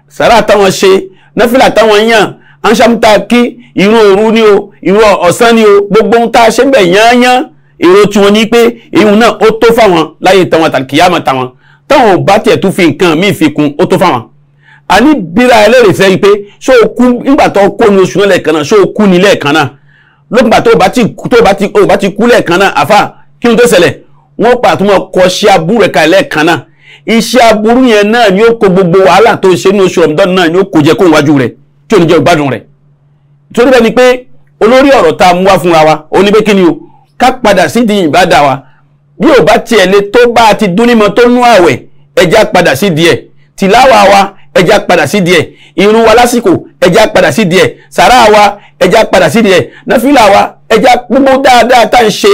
sàrà táwọn ṣe náfìlà táwọn yàn anṣam tá a kí irun òru ni o irun ọ̀sán ni o gbogbo ohun tá a ṣe ń bẹ̀ yányán èrò tí wọ́n ní pé irun náà ó tó fáwọn láyé táwọn tàbí kìyàmọ̀ táwọn táwọn ò bá tiẹ̀ tún fi nǹkan míì fi kún ó tó fáwọn. a ní bíra ẹlẹ́rìí sẹ́yìí pé ṣé o kú nígbà tó kó ní oṣù náà lẹ́ẹ̀kan náà ṣé o kú ní lẹ́ẹ̀kan náà lókùnbà tó o bá ti kú lẹ́ẹ̀kan náà àfà kí ni tó ṣẹlẹ̀ wọ́n pàtó mọ́ kọ ṣe aburú ẹ̀ka ẹlẹ́ẹ̀kan náà iṣẹ́ aburú yẹn náà ni ó kó gbogbo wàhálà tó ṣe ní oṣù ọ̀mdán náà ni ó kó jẹ kó wájú rẹ̀ tí ò ní jẹ́ ìgbádùn rẹ̀ torí bẹ́ẹ̀ ni pé olórí ọ̀rọ̀ tá a mú wá fúnra wa ó ní pé kí ni o ká padà sídìí ìbádà wa bí ò bá tiẹ̀ lè tó bá a ti dún tó nú àwẹ̀ ẹja padà sídìí ẹ̀ tìláwà wa ẹja padà sídìí ẹ̀ irun wa lásìkò ẹja padà sídìí ẹ̀ sàrà wa ẹja padà sídìí ẹ̀ náfìlà wa ẹja gbogbo dáadáa tá à ṣe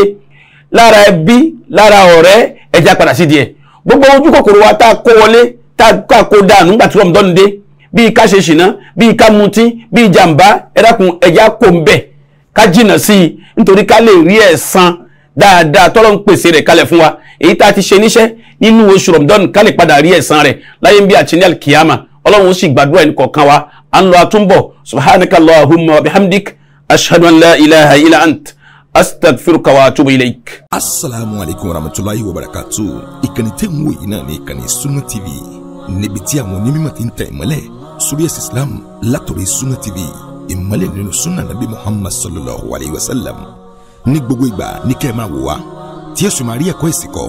lára ẹbí lára ọ̀rẹ́ ẹja padà sí díẹ̀ gbogbo ojú kòkòrò wa tá a kó wọlé tá a kó dànù nígbà tí rọmọdọ́nù dé bíi ká ṣe ṣìnà bíi ká mutí bíi jàǹbá ẹ̀dákun ẹja kò ń bẹ̀ ká jìnà sí i nítorí ká lè rí ẹ̀san dáadáa tọ́lọ́ ń pèsè rẹ̀ kalẹ̀ fún wa èyí tá a ti ṣe níṣẹ́ nínú oṣù rọmọdọ́nù ká lè padà rí ẹ̀san rẹ̀ láyé ń bí àti ní alkiyama ọlọ́run ó sì gbàdúrà ẹnì kọ̀ọ̀kan wa à ń lọ àtúnbọ̀ subhanakallahumma wa bihamdik ashhadu an la ilaha illa ant astagfiruka wa atubu ilaik. asalaamu aleykum warahmatulahi wabarakatu ìkànnì tẹ́ ń wò yìí náà ní ìkànnì Sunna TV níbi tí àwọn onímọ̀ ti ń tẹ̀ ìmọ́lẹ̀ surya islam látọ̀rẹ́ Sunna TV ìmọ́lẹ̀ nínú sunna nabi muhammad sallallahu alayhi wa sallam ní gbogbo ìgbà ní kẹ́ ẹ máa wò wá tí ẹ sùn máa rí ẹ̀kọ́ ẹ̀sìn kọ́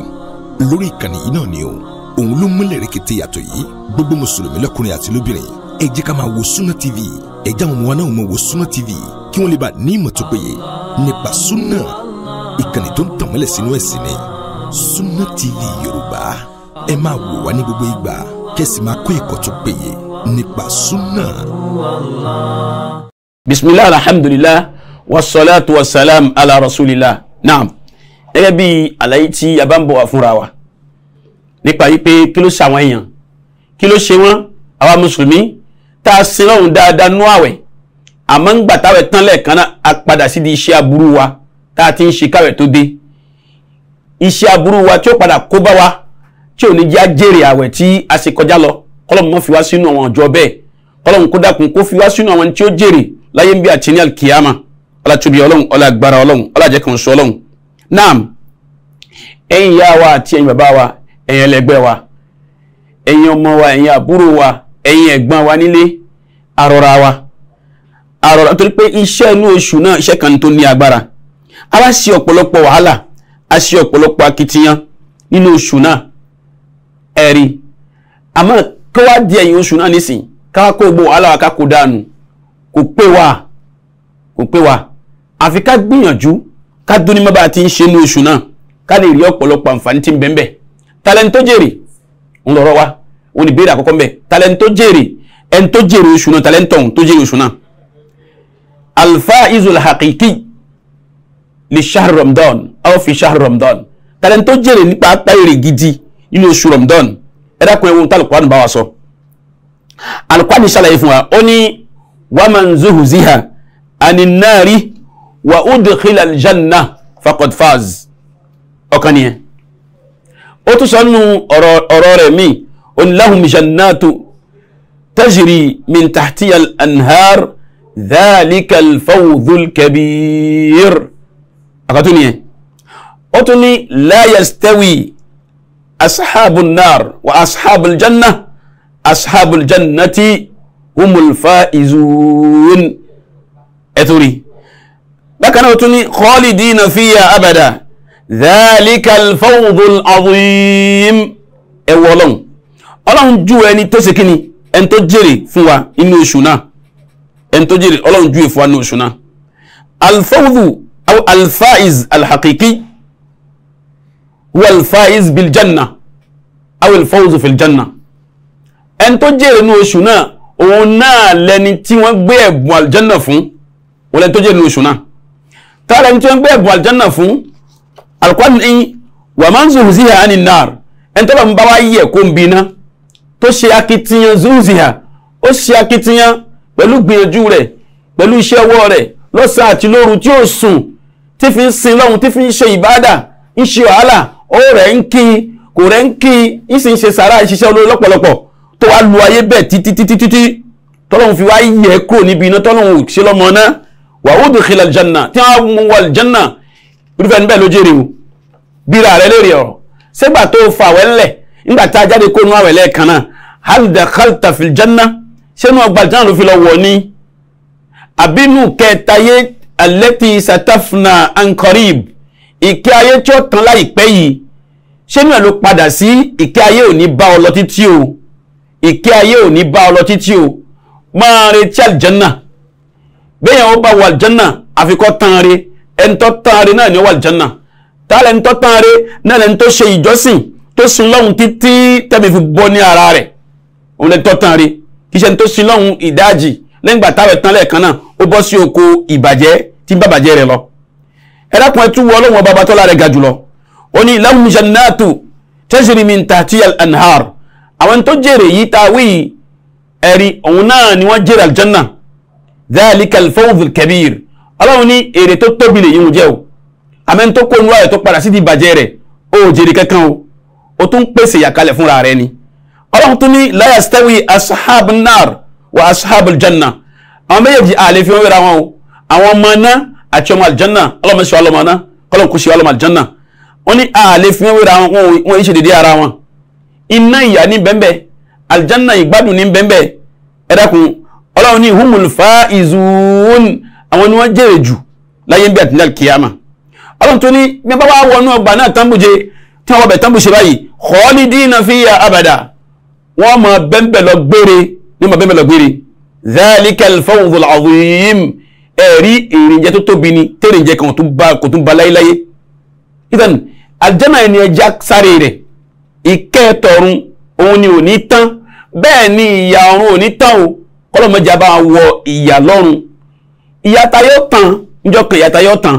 lórí ìkànnì yìí náà ni o òun ló múlẹ̀ rẹ̀kẹ̀tẹ̀ yàtọ̀ yìí gbogbo mùsùlùmí lọ́kùnrin àti lóbìnrin ẹ jẹ́ ká máa wo Sunna TV ẹ jẹ́ àwọn ọmọ náà máa wo Sunna TV kí wọ́n lè bá ní ìmọ̀ tó péye nípa Sunna ìkànnì tó ń tànmọ́lẹ̀ sínú ẹ̀sìn ni Sunna TV Yorùbá ẹ máa wò wá ní gbogbo ìgbà kẹ́sì máa kó ẹ̀kọ́ tó péye nípa Sunna. bisimilahi alhamdulilah wasalaatu wasalaam ala rasulillah naam gẹ́gẹ́ bí àlàyé tí a bá ń bọ̀ wá fúnra wa nípa yí pé kí ló ṣàwọn èèyàn kí ló ṣe wọ́n àwa mùsùlùmí tá a sin lọ́hùn dáadáa nú àwẹ̀ àmọ́ ń gbà táwẹ̀ tán lẹ́ẹ̀kan náà a padà sí di iṣẹ́ aburú wa tá a ti ń ṣe káwẹ̀ tó dé iṣẹ́ aburú wa tí ó padà kó bá wa tí ò ní jẹ́ àjèrè àwẹ̀ tí a ṣe kọjá lọ kọ́lọ́mù mọ́ fi wá sínú àwọn ọjọ́ bẹ́ẹ̀ kọ́lọ́mù kó dákun kó fi wá sínú àwọn tí ó jèrè láyé ń bí àti ní alkiyama ọlátúbi ọlọ́run ọlágbára ọlọ́run ọlájẹkùn sọ ọlọ́run naam ẹ̀yin ìyá wa àti ẹ̀yin bàbá wa ẹ̀yin ẹlẹgbẹ́ wa ẹ̀yin ọmọ wa ẹ̀yin àbúrò wa ẹ̀yin ẹ̀gbọ́n wa nílé arọra wa arọra torí pé iṣẹ́ inú oṣù náà iṣẹ́ kan tó ní agbára a wá ṣe ọ̀pọ̀lọpọ̀ wàhálà a ṣe ọ̀pọ̀lọpọ̀ akitiyan nínú oṣù náà ẹ̀rí àmọ́ kó wá di ẹ̀yìn oṣù náà nísìn ká kó gbogbo wàhálà wa ká kó dànù kò pé wa kò pé wa àfi ká gbìyànjú ká dún ní mọ́ bá a ti ń ṣe inú oṣù náà ká lè rí ọ̀pọ̀lọpọ̀ àǹfààní tí ń bẹ́ẹ̀ talẹ́ni tó jèrè ń lọ́rọ́ wa òun ìbéèrè àkọ́kọ́ mbẹ talẹ́ni tó jèrè ẹni tó jèrè oṣù náà talẹ́ni tọ̀hún tó jèrè oṣù náà alfaizul haqiqi li shahr ramadan aw fi shahr ramadan talẹ́ni tó jèrè nípa páyèrè gidi nínú oṣù ramadan ẹ dákun ẹwọ́n tá alukóran bá wa sọ alukóran ní sàlàyé fún wa ó ní waman zuhziha anin nari wa udkhila aljanna faqad faz ọ̀kan nìyẹn ó tún sọ nínú ọ̀rọ̀ rẹ̀ قل لهم جنات تجري من تحتها الأنهار ذلك الفوز الكبير أخذتني أتني لا يستوي أصحاب النار وأصحاب الجنة أصحاب الجنة هم الفائزون أتري بكنا أتني خالدين فيها أبدا ذلك الفوز العظيم أولون ọlọ́run ju ẹni tó ṣe kíni ẹni tó jèrè fún wa inú oṣù náà ẹni tó jèrè ọlọ́run ju èfún wa inú oṣù náà alfawdu aw alfaiz alhaqiqi wa alfaiz biljanna aw alfawzu filjanna ẹni tó jèrè inú oṣù náà òun náà lẹni tí wọ́n gbé ẹ̀bùn aljanna fún wọ́n lẹni tó jèrè inú oṣù náà tààrà ẹni tí wọ́n gbé ẹ̀bùn aljanna fún alkwani wa man zuhziha anin ẹni tó bá ń bá wá yẹ kó ń bi náà tó ṣe akitiyan zuziha ó ṣe akitiyan pẹ̀lú gbìyànjú rẹ̀ pẹ̀lú iṣẹ́ ọwọ́ rẹ̀ lọ́sàn àti lóru tí ó sùn tí fi ń sin lọ́hun tí fi ń ṣe ìbádà ń ṣe wàhálà ó rẹ̀ ń kí kò rẹ̀ ń kí ń sì ń ṣe sàrà ìṣiṣẹ́ olórí lọ́pọ̀lọpọ̀ tó wá lu ayé bẹ́ẹ̀ títítítítí tọ́lọ́hun fi wá yẹ kúrò níbi iná tọ́lọ́hun ṣe lọ́mọ náà wàhùn dùkìlà aljanna tí wọ́n mú wà aljanna irúfẹ́ níbẹ̀ ló jèrè o bíra rẹ̀ lérè ọ̀rọ̀ ṣégbà tó fa àwẹ̀ nígbà tá a jáde kó nu àwẹ̀ lẹ́ẹ̀kan náà hal dakhalta fil janna sẹ́nu ọgbà jẹ́nà ló fi lọ wọ̀ ni àbínú kẹtayé alẹ́tì satafna ankorib ìkẹ́ ayé tí ó tán láìpẹ́ yìí sẹ́nu ẹ̀ ló padà sí ìkẹ́ ayé ò ní bá ọ lọ títí o ìkẹ́ ayé ò ní bá ọ lọ títí o máa retí àlìjẹ́nà bẹ́yàn ó bá wà àlìjẹ́nà àfikọ́ tán re ẹni tó tán re náà ni ó wà àlìjẹ́nà tálẹ̀ ń tó tán re náà lẹ́ni tó ṣe ìjọsìn tó sin lọ́hun títí tẹ́bi fi bọ́ ní ara rẹ̀ òun lè tọ́tàn rí kì í ṣe tó sin lọ́hun ìdájì lẹ́yìn gbà táwẹ̀ tán lẹ́ẹ̀kan náà ó bọ́ sí oko ìbàjẹ́ tí bàbàjẹ́ rẹ̀ lọ. ẹ dákun ẹ tún wọ ọlọ́run ọba tọ́lá rẹ̀ ga jùlọ ó ní lahum jannatu tajri min tahtiha al-anhar àwọn tó jèrè yìí ta wí ẹ̀rí òun náà ni wọ́n jèrè aljanna dhalika al-fawz ọlọ́run ní èrè tó tóbi lè yíwọ́n jẹ́ o àmẹ́ńtó kó nu ayọ̀ tó padà sí ti bàjẹ́ rẹ̀ ó jèrè kankan o o tún pèsè ìyàkalẹ̀ fúnra rẹ ni ọlọ́run tún ní la yastawi ashab nar wa ashab aljanna àwọn méjèèjì àlè fi wọn wéra wọn o àwọn ọmọ iná àti ọmọ aljanna ọlọ́run sì wà lọ́mọ iná kọ́lọ́n kò sì wà aljanna wọn ní àlè fi wọn wéra wọn wọn ìṣe dédé ara wọn iná ìyà ní bẹ́ẹ̀ aljanna ìgbádùn ní bẹ́ẹ̀ ẹ dákun ọlọ́run ní humul faizun àwọn ni wọ́n jèrè jù láyé bí àtìlẹ́ kíyàmà ọlọ́run tó ní bí wọ́n bá wọnú ọgbà náà tán bùjẹ́ tí wọ́n bẹ̀ tán bó ṣe báyìí khalidina fiya abada wọ́n mọ bẹ́ńbẹ̀ lọ gbére ní mọ bẹ́ńbẹ̀ lọ gbére zalikal fawzul azim ẹ̀rí èrìǹjẹ́ tó tóbi ni tẹ̀rìǹjẹ́ kan kò tún ba láyéláyé ìtàn aljanna ẹni ẹja sáré rẹ̀ ìkẹ́ tọ̀run òun ni ò ní tán bẹ́ẹ̀ ni ìyà ọ̀run ò ní tán o kọ́lọ́mọjà bá wọ ìyà lọ́run ìyàtà yóò tán níjọ́ kan ìyàtà yóò tán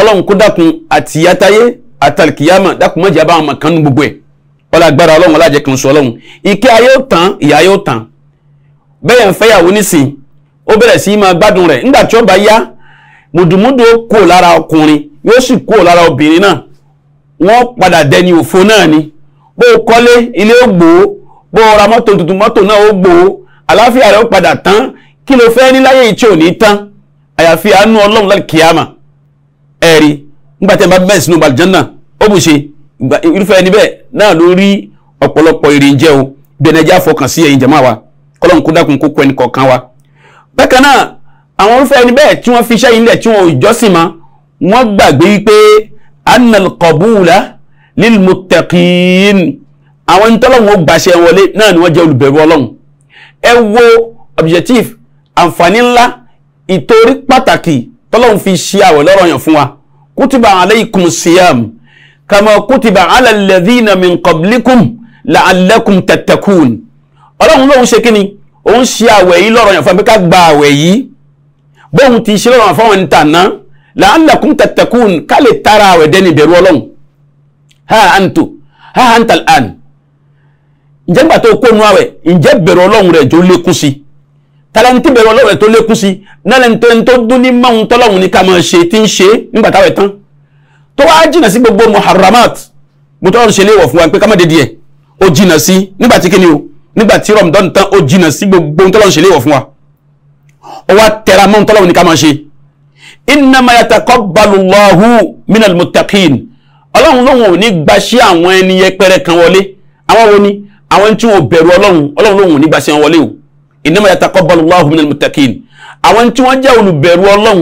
ọlọ́run kó dákun àti ìyàtà yé àtàlìkìyàmà dákùmọ́jà bá àwọn kan nu gbogbo ẹ̀ wọ́n lágbára ọlọ́run ọlájẹ kan sọ ọlọ́run ìkẹ́ ayé ó tán ìyá yóò tán bẹ́ẹ̀ ń fẹ́yàwó nísìn ó bẹ̀rẹ̀ sí máa gbádùn rẹ̀ nígbà tí ó bá yá mùdùmúdù ó lára ọkùnrin yóò sì kúrò lára obìnrin náà wọ́n padà dẹni òfo náà ni bó o kọ́lé ilé ó gbòó bó o ra mọ́tò tuntun mọ́tò náà ó gbòó àláfíà rẹ̀ ó padà tán kí ló fẹ́ ní láyé ìtí ò ní tán àyàfi àánú ọlọ́run lálẹ́ kíámà ẹ̀rí nígbà tí ẹ bá bẹ́ẹ̀ sínú àlùjánnà ó bù ṣe irúfẹ́ ẹni bẹ́ẹ̀ náà ló rí ọ̀pọ̀lọpọ̀ èrè ń jẹ́ o bí ẹni ẹjẹ́ àfọkàn sí ẹ̀yin jàmáà wa kọ́lọ́n kó dákun kó kọ ẹnì kọ̀ọ̀kan wa. bákan náà àwọn irúfẹ́ ẹni bẹ́ẹ̀ tí wọ́n fi iṣẹ́ yìí lẹ̀ tí wọ́n ò jọ́sìn mọ́ wọ́n gbàgbé wípé annal qabula lil muttaqin àwọn ntọ́lọ́hún ó gbàṣẹ wọlé náà ni wọ́n jẹ́ olùbẹ̀rù ọlọ́run ẹ wo objective àǹfààní ńlá ìtorí pàtàkì kutiba alaykum siyam kama kutiba ala alladhina min qablikum la'allakum tattaqun ọlọ́run lóun ṣe kíni òun ṣe àwẹ̀ yìí lọ́rọ̀ yàn fún mi ká gba àwẹ̀ yìí bóun ti ṣe lọ́rọ̀ yàn fáwọn ntàná la'allakum tattaqun ká lè tara àwẹ̀ dẹ́ni bẹ̀rù ọlọ́run ha antu ha antal an ǹjẹ́ gbà tó kónú àwẹ̀ ǹjẹ́ bẹ̀rù ọlọ́run rẹ̀ jó lékún sí i Talenti tí bẹ̀rù ọlọ́run ẹ̀ tó lékún sí nálẹ́ni tó ń tó dún ní máhun tọ́lọ́run ní ká máa ṣe tí ń ṣe nígbà táwọn ẹ̀ tán tó wá jìnà sí gbogbo muharramat mo tọ́lọ́run ṣe léèwọ̀ fún wa pé ká má dédé ẹ̀ ó jìnà sí nígbà tí kíni o nígbà tí rọ̀mùdán tán ó jìnà sí gbogbo tọ́lọ́run ṣe léèwọ̀ fún wa ó wá tẹra máhun tọ́lọ́run ní ká máa ṣe innama yataqabbalu Allahu minal muttaqin ọlọ́run lóhun ò ní gbaṣẹ́ àwọn ẹni yẹpẹrẹ kan wọlé àwọn wo ni àwọn tí wọn ò bẹ̀rù o innama yataqabbalu Allahu minal muttaqin àwọn tí wọ́n jẹ́ olùbẹ̀rù ọlọ́run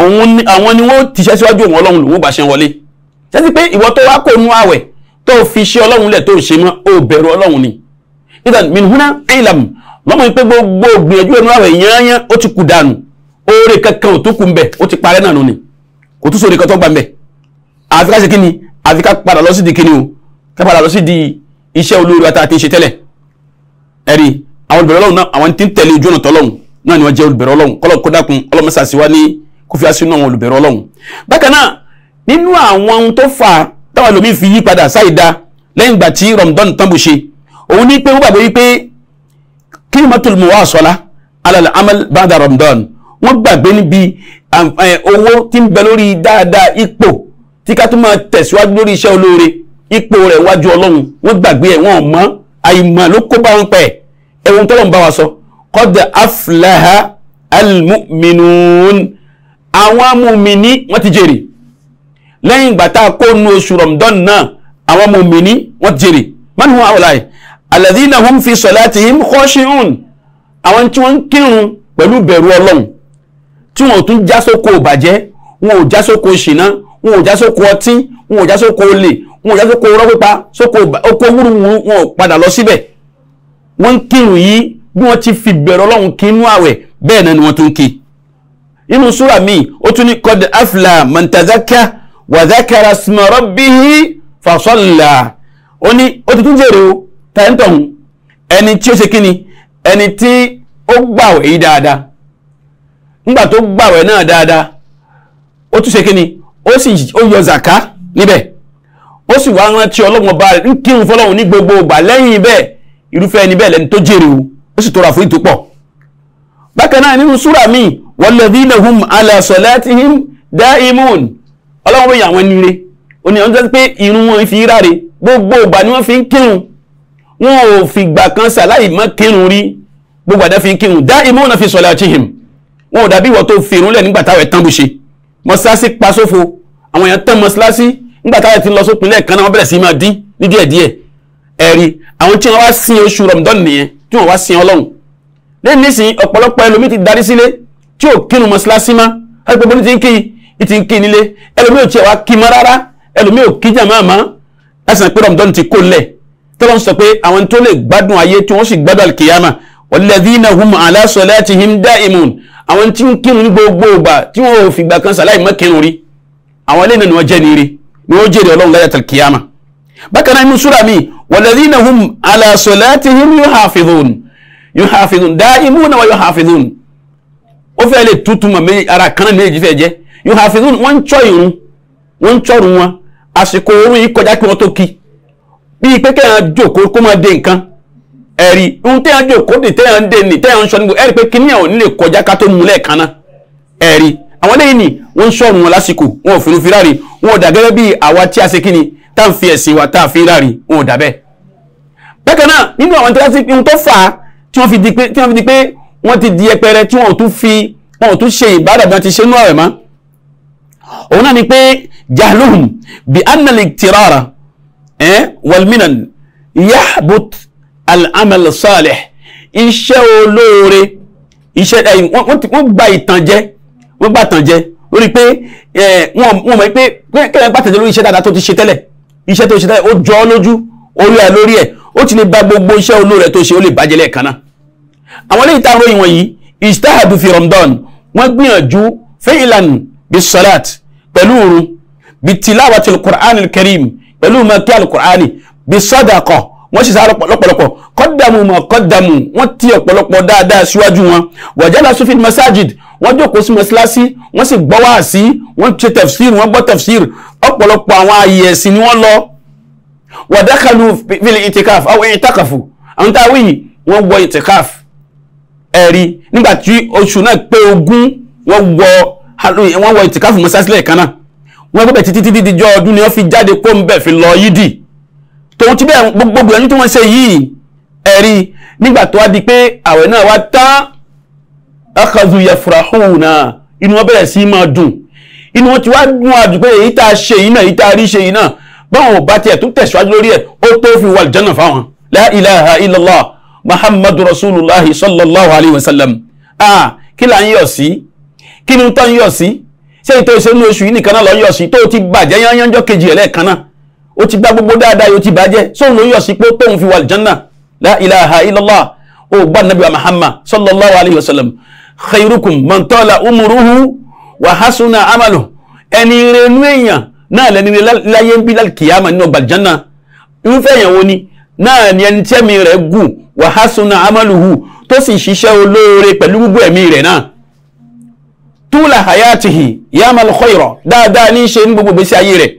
òun àwọn ni wọ́n ti ṣe síwájú òun ọlọ́run lòun gbàṣẹ wọlé ṣẹ́sí pé ìwọ tó wá kó nu àwẹ̀ tó fi ṣe ọlọ́run lẹ̀ tó ṣe mọ́ ó bẹ̀rù ọlọ́run ni ìtàn minhuna ilam lọ́mọ pé gbogbo gbìyànjú ẹnu àwẹ̀ yányán ó ti kù dànù oore kankan ò tó kù mbẹ ó ti parẹ́ nànú ni kò tún sóore kan gbà mbẹ àfi ṣe kí ni padà lọ sí di kí ni o ká padà lọ sí di iṣẹ́ olóore àti àti àwọn olùbẹ̀rẹ̀ ọlọ́run náà àwọn tí ń tẹ̀lé ojú ọ̀nà tọ́lọ́run náà ni wọ́n jẹ́ olùbẹ̀rẹ̀ ọlọ́run kọ́lọ́ kó dákun ọlọ́mọsàsí wa ní kó fi asínú àwọn olùbẹ̀rẹ̀ ọlọ́run. bákan náà nínú àwọn ohun tó fà táwọn ẹlòmíín fi yí padà sáìda lẹ́yìn ìgbà tí Ramadan tán bó ṣe òun ní pé wọ́n gbàgbé wípé kílímọ́tòlù mọ̀ wá sọ́lá alàlẹ́ amal bada Ramadan wọ́n gbàgbé níbi owó tí ń bẹ lórí dáadáa ipò tí ká tó máa tẹ̀síwájú lórí iṣẹ́ olóore ipò rẹ̀ wájú ọlọ́run wọ́n gbàgbé ẹ̀ wọ́n mọ̀ àìmọ̀ ló kó bá wọn pẹ̀ ẹ̀wọ̀n tọ́lọ̀ ń bá wa sọ qad aflaha almu'minun àwọn amúmìní wọ́n ti jèrè lẹ́yìn ìgbà tá a kó nu oṣù rọ̀mdọ́n náà àwọn amúmìní wọ́n ti jèrè man huwa ha'ula'i alladhina hum fi salatihim khashi'un àwọn tí wọ́n ń kírun pẹ̀lú bẹ̀rù ọlọ́run tí wọn tún já sóko wọn ò já ṣìnà wọn ò já ọtí wọn ò já olè wọn ò já rọ́pípa sóko owó wọn ò padà lọ síbẹ̀ wọ́n ń yi bí ti fi bẹ̀rẹ̀ ọlọ́run inú àwẹ̀ bẹ́ẹ̀ ni wọ́n tún kí inú súra míì ó tún ní qad afla man tazakka wa dhakara isma rabbihi fa salla ó ẹni tí ó ẹni tí ó gbàwẹ̀ dáadáa nígbà tó gbàwẹ̀ irúfẹ́ ẹni bẹ́ẹ̀ lẹ́ni tó jèrè o ó sì tọrọ àforíjì tó pọ̀ bákan náà nínú súrà míì walladhina hum ala salatihim daimun ọlọ́wọ́n bóyá àwọn ẹni re òní àwọn jẹ́ pé irun wọn fi ráre gbogbo ìgbà ni wọ́n fi ń kírun wọn ò fìgbà kan ṣàláì mọ́ kírun rí gbogbo àdá fi ń kírun daimun fi salatihim wọn ò dàbí ìwọ tó fi irun lẹ̀ nígbà táwọn ẹ̀ tán bó ṣe mọ́ṣáláṣí pa sófo àwọn èèyàn tán mọ́ṣáláṣí nígbà táwọn ẹ̀ ti lọ sópin lẹ́ẹ̀kan náà wọ́n bẹ̀rẹ̀ sí máa dín ní díẹ̀díẹ̀ ẹ̀rí àwọn tí wọ́n wá sin oṣù rọ̀mùdán nìyẹn tí wọ́n wá sin ọlọ́run lẹ́yìn nísìnyí ọ̀pọ̀lọpọ̀ ẹlòmíì ti darí sílé tí ò kírun mọ́ṣáláṣí má wọ́n pe bóni ti ń kí ti ń kí nílé ẹlòmíì ò tiẹ̀ wá kí mọ́ rárá ẹlòmíì ò kí jàmá mọ́ ẹ̀sìn pé rọ̀mùdán ti kó lẹ̀ tọ́lọ́ sọ pé àwọn tó lè gbádùn ayé tí wọ́n sì gbádùn àlìkìyàmà walladhina hum ala salatihim da'imun àwọn tí ń kírun gbogbo ìgbà tí wọ́n ò fìgbà kan sàláì mọ́ kírun rí àwọn eléyìí ni wọ́n jẹ́ ni rí ni wọ́n jèrè ọlọ́run láyàtàlìkìyàmà bákan náà inú súra mi walladhina hum ala salatihim yuhafidhun yuhafidhun da'imuna wa yuhafidhun ó fẹ́ lè tútù mọ̀ ara kan náà méjì fẹ́ jẹ́ yuhafidhun wọ́n ń tọ́ ìrun wọ́n ń tọ́run wọn àsìkò orun yìí kọjá kí wọ́n tó kí bíi pé kẹ́hàn jòkó kó máa de nǹkan ẹ̀rí ohun tẹ́hàn jòkó dè tẹ́hàn dè nì tẹ́hàn ń sọ níbo ẹ̀rí pé kíní àwọn onílé kọjá ká tó mú lẹ́ẹ̀kan náà ẹ̀rí tá à ń fi ẹ̀sìn wa tá à fi ráre wọn ò dà bẹ́ẹ̀. bákan náà nínú àwọn tẹ́lá ohun tó fà á tí wọ́n fi di pé tí wọ́n fi di pé wọ́n ti di ẹpẹrẹ tí wọ́n ò tún fi wọ́n ò tún ṣe ìbádà bí wọ́n ti ṣe nú ọ̀rẹ́ mọ́. òun náà ni pé jahluhum bi annalik tirara eh, walminan yahbut al'amal salih iṣẹ́ olóore iṣẹ́ eh, wọ́n gba ìtànjẹ wọ́n gba ìtànjẹ lórí pé eh, wọ́n mọ̀ pé kẹ́lẹ́ gbàtàjẹ lórí iṣẹ́ dáadáa tó ti ṣe tẹ́lẹ̀ iṣẹ́ tó ṣe táyà ó jọ ọ́ lójú orí ẹ̀ lórí ẹ̀ ó ti lè ba gbogbo iṣẹ́ olóore tó ṣe ó lè bàjẹ́ lẹ́ẹ̀kan náà àwọn léyìí táwọn ròyìn wọ̀nyí istahadu fi Ramadan wọ́n gbìyànjú fẹ́yìnlànà bí salat pẹ̀lú òru bí tilawati alukur'an alkarim pẹ̀lú maki alukur'an bí sadaqa wọ́n sì sáré lọ́pọ̀lọpọ̀ kọ́dàmù mọ̀ kọ́dàmù wọ́n ti ọ̀pọ̀lọpọ̀ dáadáa síwájú wọn wàjálà sufin masajid wọ́n jókòó sí mọ́síláṣí wọ́n sì gbọ́ wáàsí wọ́n ṣe tafsir wọ́n gbọ́ tafsir ọ̀pọ̀lọpọ̀ àwọn ààyè ẹ̀sìn ni wọ́n lọ wàdákàlù fil itikaf àwọn ìtàkàfù àwọn tá a wí yìí wọ́n wọ itikaf ẹ̀rí nígbà tí oṣù náà pé ogún wọ́n wọ wọ́n wọ itikaf mọ́síláṣí lẹ́ẹ̀kan náà wọ́n gbọ́dọ̀ títí títí dijọ́ ọdún ni wọ́n fi ti bẹ́ẹ̀ gbogbo ẹni tí wọ́n ṣe yìí ẹ̀rí nígbà tó wá di pé àwẹ̀ náà wá tán akadu yafrahuna inú wọn bẹ̀rẹ̀ sí máa dùn inú wọn ti wá dùn àdùn pé èyí tá a ṣe yìí náà èyí tá a rí ṣe yìí náà báwọn ò bá tiẹ̀ tún tẹ̀síwájú lórí ẹ̀ ó tó fi wà lìjánà fáwọn la ilaha illallah muhammadu rasulillah sallallahu alayhi wa sallam ah kí là ń yọ̀ sí kí ni tán yọ̀ sí ṣé ètò ìṣẹ́nu oṣù yìí nìkan náà lọ yọ̀ sí tó o ti bàjẹ́ yányánjọ́ kejì ẹ̀ lẹ́ẹ̀kan náà o ti gbá gbogbo dáadáa yóò ti bàjẹ́ sóun ló yọ̀ sí pé tóun fi wà lìjánà la ilaha illallah ó gbà sallallahu alayhi wa sallam khairukum man tala umuruhu wa hasuna amalu ẹni renu èèyàn náà lẹni láyé ń bí lálkìyàmà nínú gbàjánà irúfẹ́ èèyàn wo ni náà ni ẹni tí ẹ̀mí rẹ̀ gùn wa hasuna amaluhu tó sì ṣiṣẹ́ olóore pẹ̀lú gbogbo ẹ̀mí rẹ̀ náà túlà hayatihi yamal khoiro dáadáa ní í ṣe ní gbogbo ìgbésí ayé rẹ̀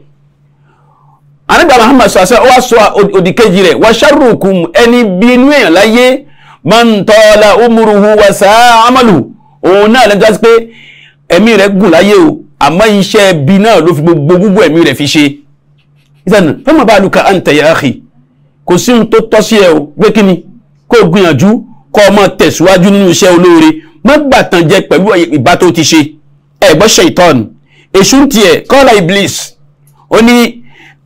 anigba muhammad sọ àṣẹ ó wá sọ òdìkejì rẹ̀ wa sharrukum ẹni bínú èèyàn láyé man tala umuruhu wa saa amalu òun náà lẹ́nu tó ṣe pé ẹ̀mí rẹ̀ gùn láyé o àmọ́ iṣẹ́ bí náà ló fi gbogbo gbogbo ẹ̀mí rẹ̀ fi ṣe ìsànà fama baluka anta ya akhi kò sí ohun tó tọ́ sí ẹ o pé kí ni kó gbìyànjú kó o tẹ̀síwájú nínú iṣẹ́ olóore má gbàtàn jẹ pẹ̀lú ìbá tó ti ṣe ẹ̀gbọ́n ṣèitán èṣù tiẹ̀ kọ́lá iblis ó ní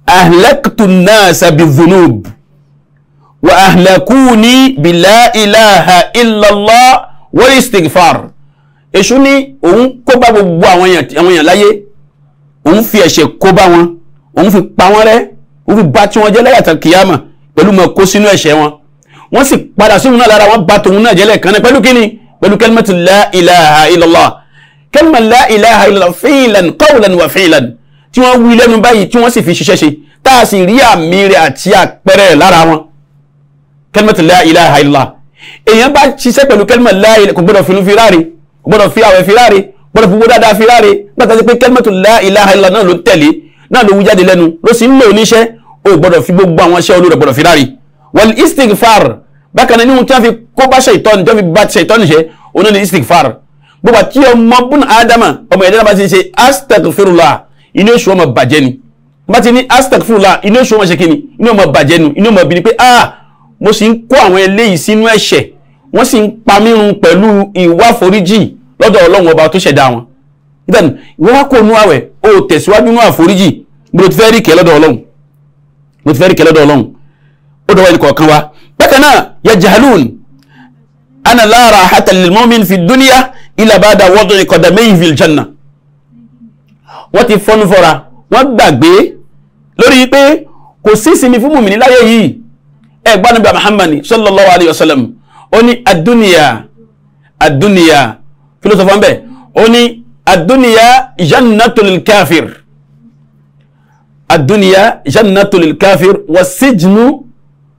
ahlaktu nasa bi dhunub wa ahlakuni bi la ilaha illallah wa istighfar èṣù ní òun kó bá gbogbo àwọn èèyàn láyé òun fi ẹ̀ṣẹ̀ kó bá wọn òun fi pa wọ́n rẹ́ òun fi bà tí wọ́n jẹ́ láyàtọ̀ kìyàmà pẹ̀lú mọ̀ kó sínú ẹ̀ṣẹ̀ wọn wọ́n sì padà sóhun náà lára wọn bà tòun náà jẹ́ lẹ́ẹ̀kan náà pẹ̀lú kíni pẹ̀lú kẹlmẹ́tì la ilaha illallah kẹlmẹ́tì la ilaha illallah fi'lan qawlan wa fi'lan tí wọ́n wí lẹ́nu báyìí tí wọ́n sì fi ṣiṣẹ́ ṣe tá a sì rí àmì rẹ̀ àti àpẹẹrẹ kẹlmẹtì la ilaha illallah èèyàn bá ṣiṣẹ́ pẹ̀lú kẹlmẹtì la ilaha kò gbọ́dọ̀ finú firáre kò gbọ́dọ̀ fi àwẹ̀ firáre kò gbọ́dọ̀ fi wó dáadáa firáre gbàtà sí pé kẹlmẹtì la ilaha illallah náà ló tẹ̀lé náà ló wú jáde lẹ́nu ló sì ń lò níṣẹ́ ó gbọ́dọ̀ fi gbogbo àwọn iṣẹ́ olóró gbọ́dọ̀ firáre wal istighfar bákan náà níwọ̀n tí wọ́n fi kó bá ṣètọ́ni tí wọ́n fi bá ṣètọ́ni ṣe oní ni istighfar gbogbo àti ọmọ bùn ádámà ọmọ ẹ̀dá bá ti ṣe bàjẹ́ ni inú èṣù ọmọ ṣe ni pé ah mo sì ń kó àwọn eléyìí sínú ẹ̀ṣẹ̀ wọ́n sì ń pa mí run pẹ̀lú ìwà àforíjì lọ́dọ̀ ọlọ́run ọba tó ṣẹ̀dá wọn nígbà tí wọ́n á kó nu àwẹ̀ o tẹ̀síwájú nú àforíjì mo ti fẹ́ rí kẹ́ lọ́dọ̀ ọlọ́run mo ti fẹ́ rí kẹ́ lọ́dọ̀ ọlọ́run ó dọ̀wọ́ ẹnì kọ̀ọ̀kan wa bákan náà yajhalun ana la rahata lil mu'min fi dunya illa ba'da wọ́dọ̀ qadamayhi fil janna wọ́n ti fọ́nú wọ́n gbàgbé lórí pé kò sí ìsinmi fún mùmìnì láyé yìí ẹ gbọ́n níbi Muhammad sallallahu alayhi wa sallam ó ní adúnìyà adúnìyà filosofa ń bẹ̀ ó ní adúnìyà jannatul kafir adúnìyà jannatul kafir wa sijnu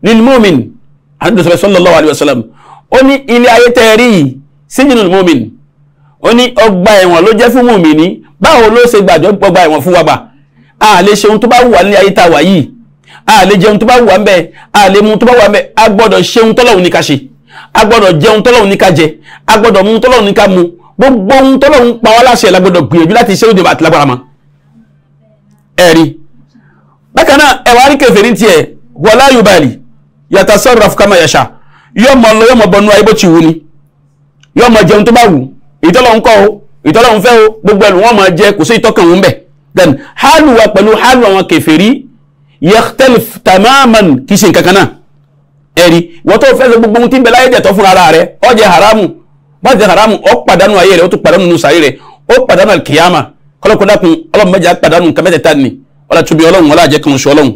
lil mu'min àdúrà sallallahu alayhi wa sallam ó ní ilé ayé tẹ́ẹ̀rí sijnul mu'min ó ní ọgbà ẹ̀wọ̀n ló jẹ́ fún mùmí ní báwo ló ṣe gbàjọ́ ọgbà ẹ̀wọ̀n fún wa gbà a lè ṣe ohun tó bá wù wá ní ayé tá a a lè jẹun tó bá wù wá ń bẹ̀ a lè mu tó bá wù wá ń bẹ̀ a gbọ́dọ̀ ṣeun tọ́lọ́hun ní ká ṣe a gbọ́dọ̀ jẹun tọ́lọ́hun ní ká jẹ a gbọ́dọ̀ mu tọ́lọ́hun ní ká mu gbogbo ohun tọ́lọ́hun pa wá láṣẹ la gbọ́dọ̀ gbìyànjú láti ṣe lóde àti lágbára mọ́ ẹ̀rí bákan náà ẹ̀wà rí kèfèrí tiẹ̀ wala yubali yatasarraf kama yasha yọmọ lọ yọmọ bọnú ayé bó ti wù ni yọmọ jẹun tó bá wù ìtọ́lọ́hun kọ́ o ìtọ́lọ́hun fẹ́ o gbogbo ẹ̀lú wọn máa jẹ kò sí ìtọ́kàn òun bẹ̀ then hálùwà pẹ̀lú hálùwà àwọn kèfèrí yẹtẹlif tamaman kì í ṣe nǹkan kan náà ẹ̀rí wọ́n tó fẹ́ sọ gbogbo ohun tí ń bẹ láyé jẹ̀tọ́ fún ara rẹ̀ ó jẹ haramu bá jẹ haramu ó pàdánù ayé rẹ̀ ó tún pàdánù nínú sàárè rẹ̀ ó pàdánù alkiyama kọ́lọ́kọ́dákun ọlọ́run mẹ́jọ pàdánù nǹkan mẹ́tẹ̀ẹ̀ta ni ọlá tóbi ọlọ́run ọlá àjẹkùn oṣù ọlọ́run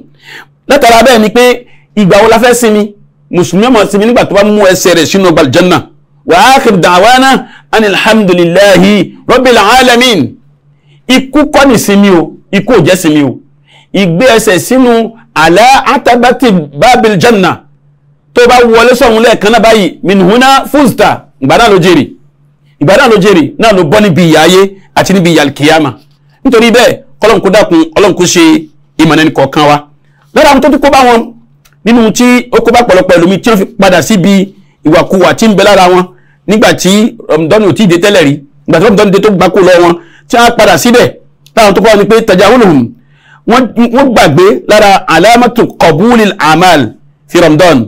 látara bẹ́ẹ̀ ni pé ìgbà wo la fẹ́ sinmi mùsùlùmí ọmọ sinmi nígbà tó bá mú ẹsẹ̀ rẹ̀ sínú ọgbà aljanna wa akhir da'wana anil hamdulillahi rabbil alamin ikú kọ́ sinmi o ikú ò jẹ́ sinmi o ìgbé ẹsẹ̀ sínú àlẹ́ àtàbàtì bábìl janna tó bá wọlé sọ̀hún lẹ́ẹ̀kan náà báyìí minhuna fúnsta ìgbà náà ló jèrè ìgbà náà ló jèrè náà ló bọ́ níbi ìyà ayé àti níbi ìyà kìyàmà nítorí bẹ́ẹ̀ kọ́lọ́n kó dákun ọlọ́run kó ṣe ìmọ̀nà ẹnì kọ̀ọ̀kan wa lára àwọn tó ti kó bá wọn nínú tí ó kó bá pọ̀lọpọ̀ ẹlòmíì tí wọ́n fi padà síbi ìwàkuwà tí ń bẹ lára wọn nígbà tí rọmdọ́nù ò tí ì dé tẹ́lẹ̀ rí ìgbà tí rọmdọ́nù dé tó gbáko lọ wọn tí wọ́n padà síbẹ̀ láwọn tó kọ́ wọn ni pé tajahulhum wọ́n gbàgbé lára alamatu kọbúlì amal ti ramadan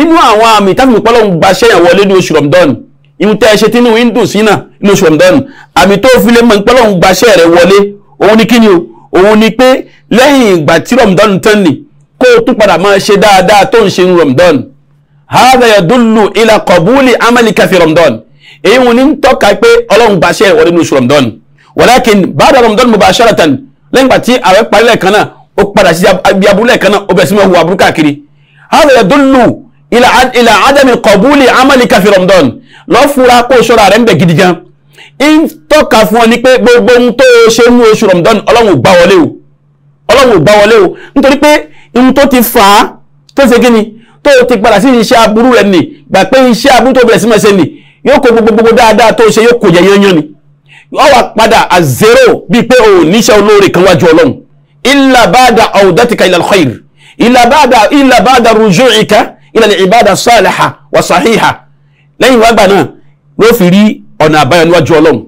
inú àwọn àmì táfìmù pọ́lọ́hún gbaṣẹ́ yàn wọlé ní oṣù ramadan ìhun tẹ́ ẹ ṣe tínú windows sínà ní oṣù ramadan àmì tó fi lè mọ̀ pọ́lọ́hún gbaṣẹ́ rẹ̀ wọlé òun ni kíni o òun ni pé lẹ́yìn ìgbà tí ramadan tán ni kó o tún padà máa ṣe dáadáa tó ń ṣe ní ramadan hadha yadullu ila kọbúlì amalika fi ramadan èyí wọn ni ń tọ́ka pé ọlọ́hún gbaṣẹ́ rẹ̀ wọlé ní oṣù ramadan walakin ba'da lẹ́yìn ìgbà tí àwẹ̀ parí lẹ́ẹ̀kan náà ó padà sí ibi aburú lẹ́ẹ̀kan náà ó bẹ̀rẹ̀ sí máa hùwà aburú káàkiri hàlù yadullu ìlà ádámì kọ̀búlì amálíkà fi Ramadan lọ fura kó ṣọ́ra rẹ̀ ń bẹ̀ gidi gan ń tọ́ka fún ọ ní pé gbogbo ohun tó ṣe ní oṣù Ramadan ọlọ́run ò gbá wọlé o ọlọ́run ò gbá wọlé o nítorí pé ohun tó ti fà á tó ṣe kíni tó ti padà sí iṣẹ́ aburú rẹ̀ nì gbà pé iṣẹ́ aburú tó bẹ̀rẹ̀ sí máa nì yóò kó gbogbo dáadáa tó ṣe yóò kó jẹ yányán ni wọ́n wà padà à zero bíi pé o níṣẹ́ olóore kan wájú ọlọ́run illa ba'da awdatika ila al-khair illa ba'da illa ba'da ruju'ika ila al-ibada salaha wa sahiha lẹ́yìn wá gbà náà ló fi rí ọ̀nà àbáyọ níwájú ọlọ́run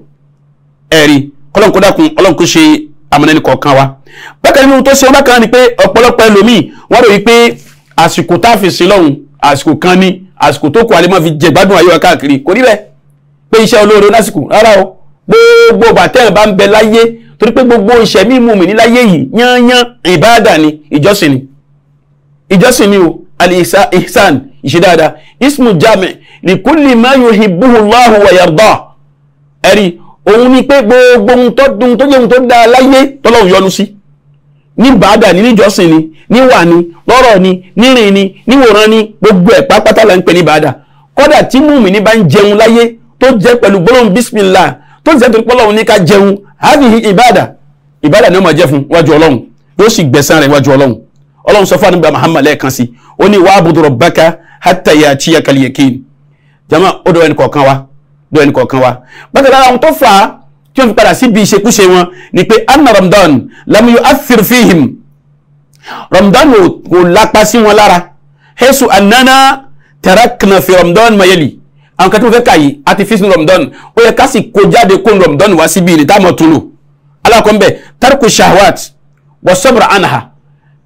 ẹ̀rí ọlọ́run kó dákun ọlọ́run kó ṣe amúnẹ́ni kọ̀ọ̀kan wa bákan nínú tó ṣe bákan ni pé ọ̀pọ̀lọpọ̀ ẹlòmíì wọ́n rò wípé àsìkò tá a fi sin lọ́hùn gbogbo bàtẹ́rìn bá ń bẹ láyé torí pé gbogbo ìṣẹ̀mí mùmí ní láyé yìí yányán ìbáàdà ni ìjọsìn ni ìjọsìn ni o al-ihsan ìṣe dáadáa ismu jami likulli ma yuhibbuhu Allahu wa yarda ẹ̀rí òun ni pé gbogbo ohun tó dùn tó jẹun tó dáa láyé tọ́lọ́hun yọ́nú sí ní bàdà ní níjọsìn ni níwà ni lọ́rọ̀ ni nírìn ni níwòran ni gbogbo ẹ̀ pápátá là ń pè ní bàdà kódà tí mùmí ní bá ń jẹun láyé tó jẹ pẹ̀lú gbólóhùn bísmìlá tó ti sẹ́tò pọ́lọ́hún ní ká jẹun hádìí ìbáàdà ìbáàdà ni ó máa jẹ́ fún wájú ọlọ́run yóò sì gbẹ̀san rẹ̀ wájú ọlọ́run ọlọ́run sọ fún àdúgbò Muhammad lẹ́ẹ̀kan sí ó ní wa'budu rabbaka hatta ya'tiyaka al-yaqin jama ó dọ̀ ẹnì kọ̀ọ̀kan wa dọ̀ ẹnì kọ̀ọ̀kan wa bákan lára àwọn tó fà á tí wọ́n fi padà síbi ìṣekúṣe wọn ni pé anna Ramadan lam yu'aththir fihim Ramadan kò lápá sí wọn lára hesu annana tarakna fi Ramadan mayeli àwọn kan tí mo fẹ́ kà yìí a ti fi sínú rọ̀mùdọ́nù ó yẹ ká sì kó jáde kó rọ̀mùdọ́nù wá síbi ìlú táwọn tún lò alákọ̀ọ́mbẹ̀ tarku shahwat wa sabra anha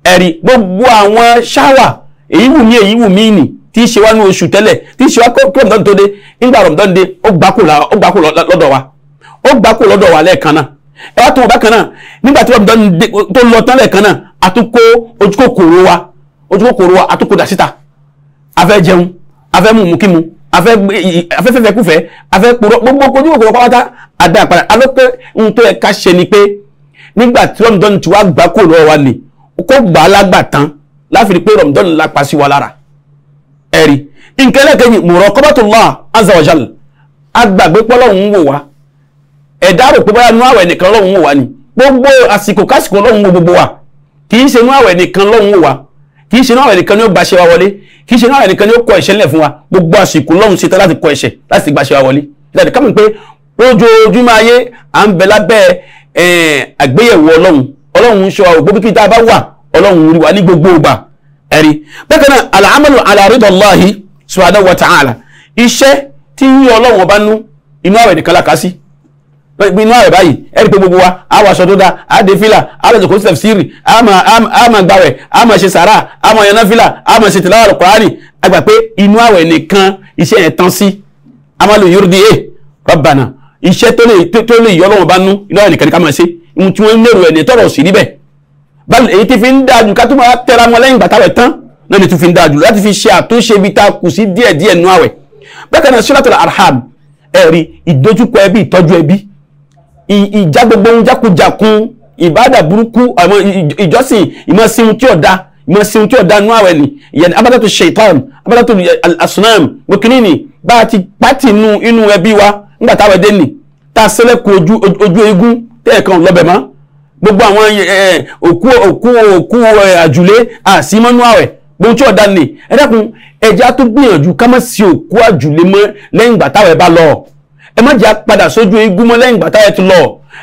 ẹ̀rí gbogbo àwọn shahwa èyí wù mí èyí wù mí nì tí í ṣe wá ní oṣù tẹ́lẹ̀ tí í ṣe wá kó rọ̀mùdọ́nù tó dé nígbà rọ̀mùdọ́nù dé ó gbákò lọ́dọ̀ wa ó gbákò lọ́dọ̀ wa lẹ́ẹ̀kan náà ẹ wá tó wọn bákan náà nígbà tí rọ̀mùdọ́nù tó lọ afẹ́fẹ́fẹ́kúfẹ́ afẹ́pọ̀rọ̀ gbogbo kojú kòkòrò pátá àdáàpadà alọ́pẹ́ ń tó ẹ̀ka ṣe ni pé nígbà tí rọ̀mùdọ́nù ti wá gbà kó lọ́wọ́ wa nì kó gbà á lágbà tán láfi rí pé rọ̀mùdọ́nù lápá sí wa lára ẹ̀rí nǹkan ẹlẹ́kẹ̀yìn muraqabatullah azza wa jal agbàgbé pọ́lọ́hún wò wá ẹ̀dá rò pé báyà nú àwẹ̀ nìkan lọ́hún wò wá ni gbogbo àsìkò kásìkò lọ́hún wò gbogbo wa kì í ṣe nú àwẹ̀ nìkan lọ́hún wò wá kì í ṣe náà ẹnìkan ni ó gbaṣẹ́ wa wọlé kì í ṣe náà ẹnìkan ni ó kọ ẹ̀ṣẹ̀ lẹ̀ fún wa gbogbo àsìkò lọ́hùn ṣetán láti kọ ẹ̀ṣẹ̀ láti gbaṣẹ́ wa wọlé ìdájọ́ kámi pé ojoojúmọ́ ayé à ń bẹ lábẹ́ àgbéyẹ̀wò ọlọ́run ọlọ́run ń ṣọ́ wa ògbó kíkí tá a bá wà ọlọ́run rí wa ní gbogbo ìgbà ẹ̀rí bákan náà al-amalu ala ta'ala iṣẹ́ tí ń yí ọlọ́run ọba nú inú àwẹ̀ nìkan lákàá sí inú àwẹ̀ báyìí ẹ̀rí pé gbogbo wa á wọ aṣọ tó dáa á de fìlà á lọ jòkó sí tafsiri á máa gbàwẹ̀ á máa ṣe sàrà á máa yaná fìlà á máa ṣe tìláwà Al-Qur'ani a gbà pé inú àwẹ̀ nìkan iṣẹ́ yẹn tán sí amalu yurdi e Rabbana iṣẹ́ tó lè yọ Ọlọ́run bá nú inú àwẹ̀ nìkan ni ká máa ṣe ìmú tí wọ́n lérò ẹ̀ ní tọ̀rọ̀ sí níbẹ̀ báyìí èyí ti fi ń dáa jù ká tó máa tẹra mọ́ a kù sí díẹ̀díẹ̀ nú àwẹ̀ bákan náà Suratul Arham ẹ̀rí ìdójúkọ ẹbí ìtọ́jú ẹbí ìjà gbogbo ohun jákujàkun ìbádà burúkú ìjọsìn ìmọ̀sìn tí ọ̀dà ìmọ̀sìn tí da nú àwẹ̀ ni ìyẹn abadatu shaitan abadatu asunam gbókìnínì bá a ti pàtì inú inú ẹbí wa nígbà táwọn ẹdẹ nì tá a sẹlẹ̀kùn ojú ojú eégún tẹ́ẹ̀kan lọ́bẹ̀ mọ́ gbogbo àwọn òkú òkú òkú àjùlé àsímọ́nú àwẹ̀ gbogbo tí ọ̀dà nì ẹ dákun ẹja tó gbìyànjú ká má sí òkú àjùlé mọ́ lẹ́yìn ìgbà táwọn ẹ bá lọ ẹ má jẹ́ apadà soju eégún mọ́ lẹ́yìn gbàtà ẹ̀ ti lọ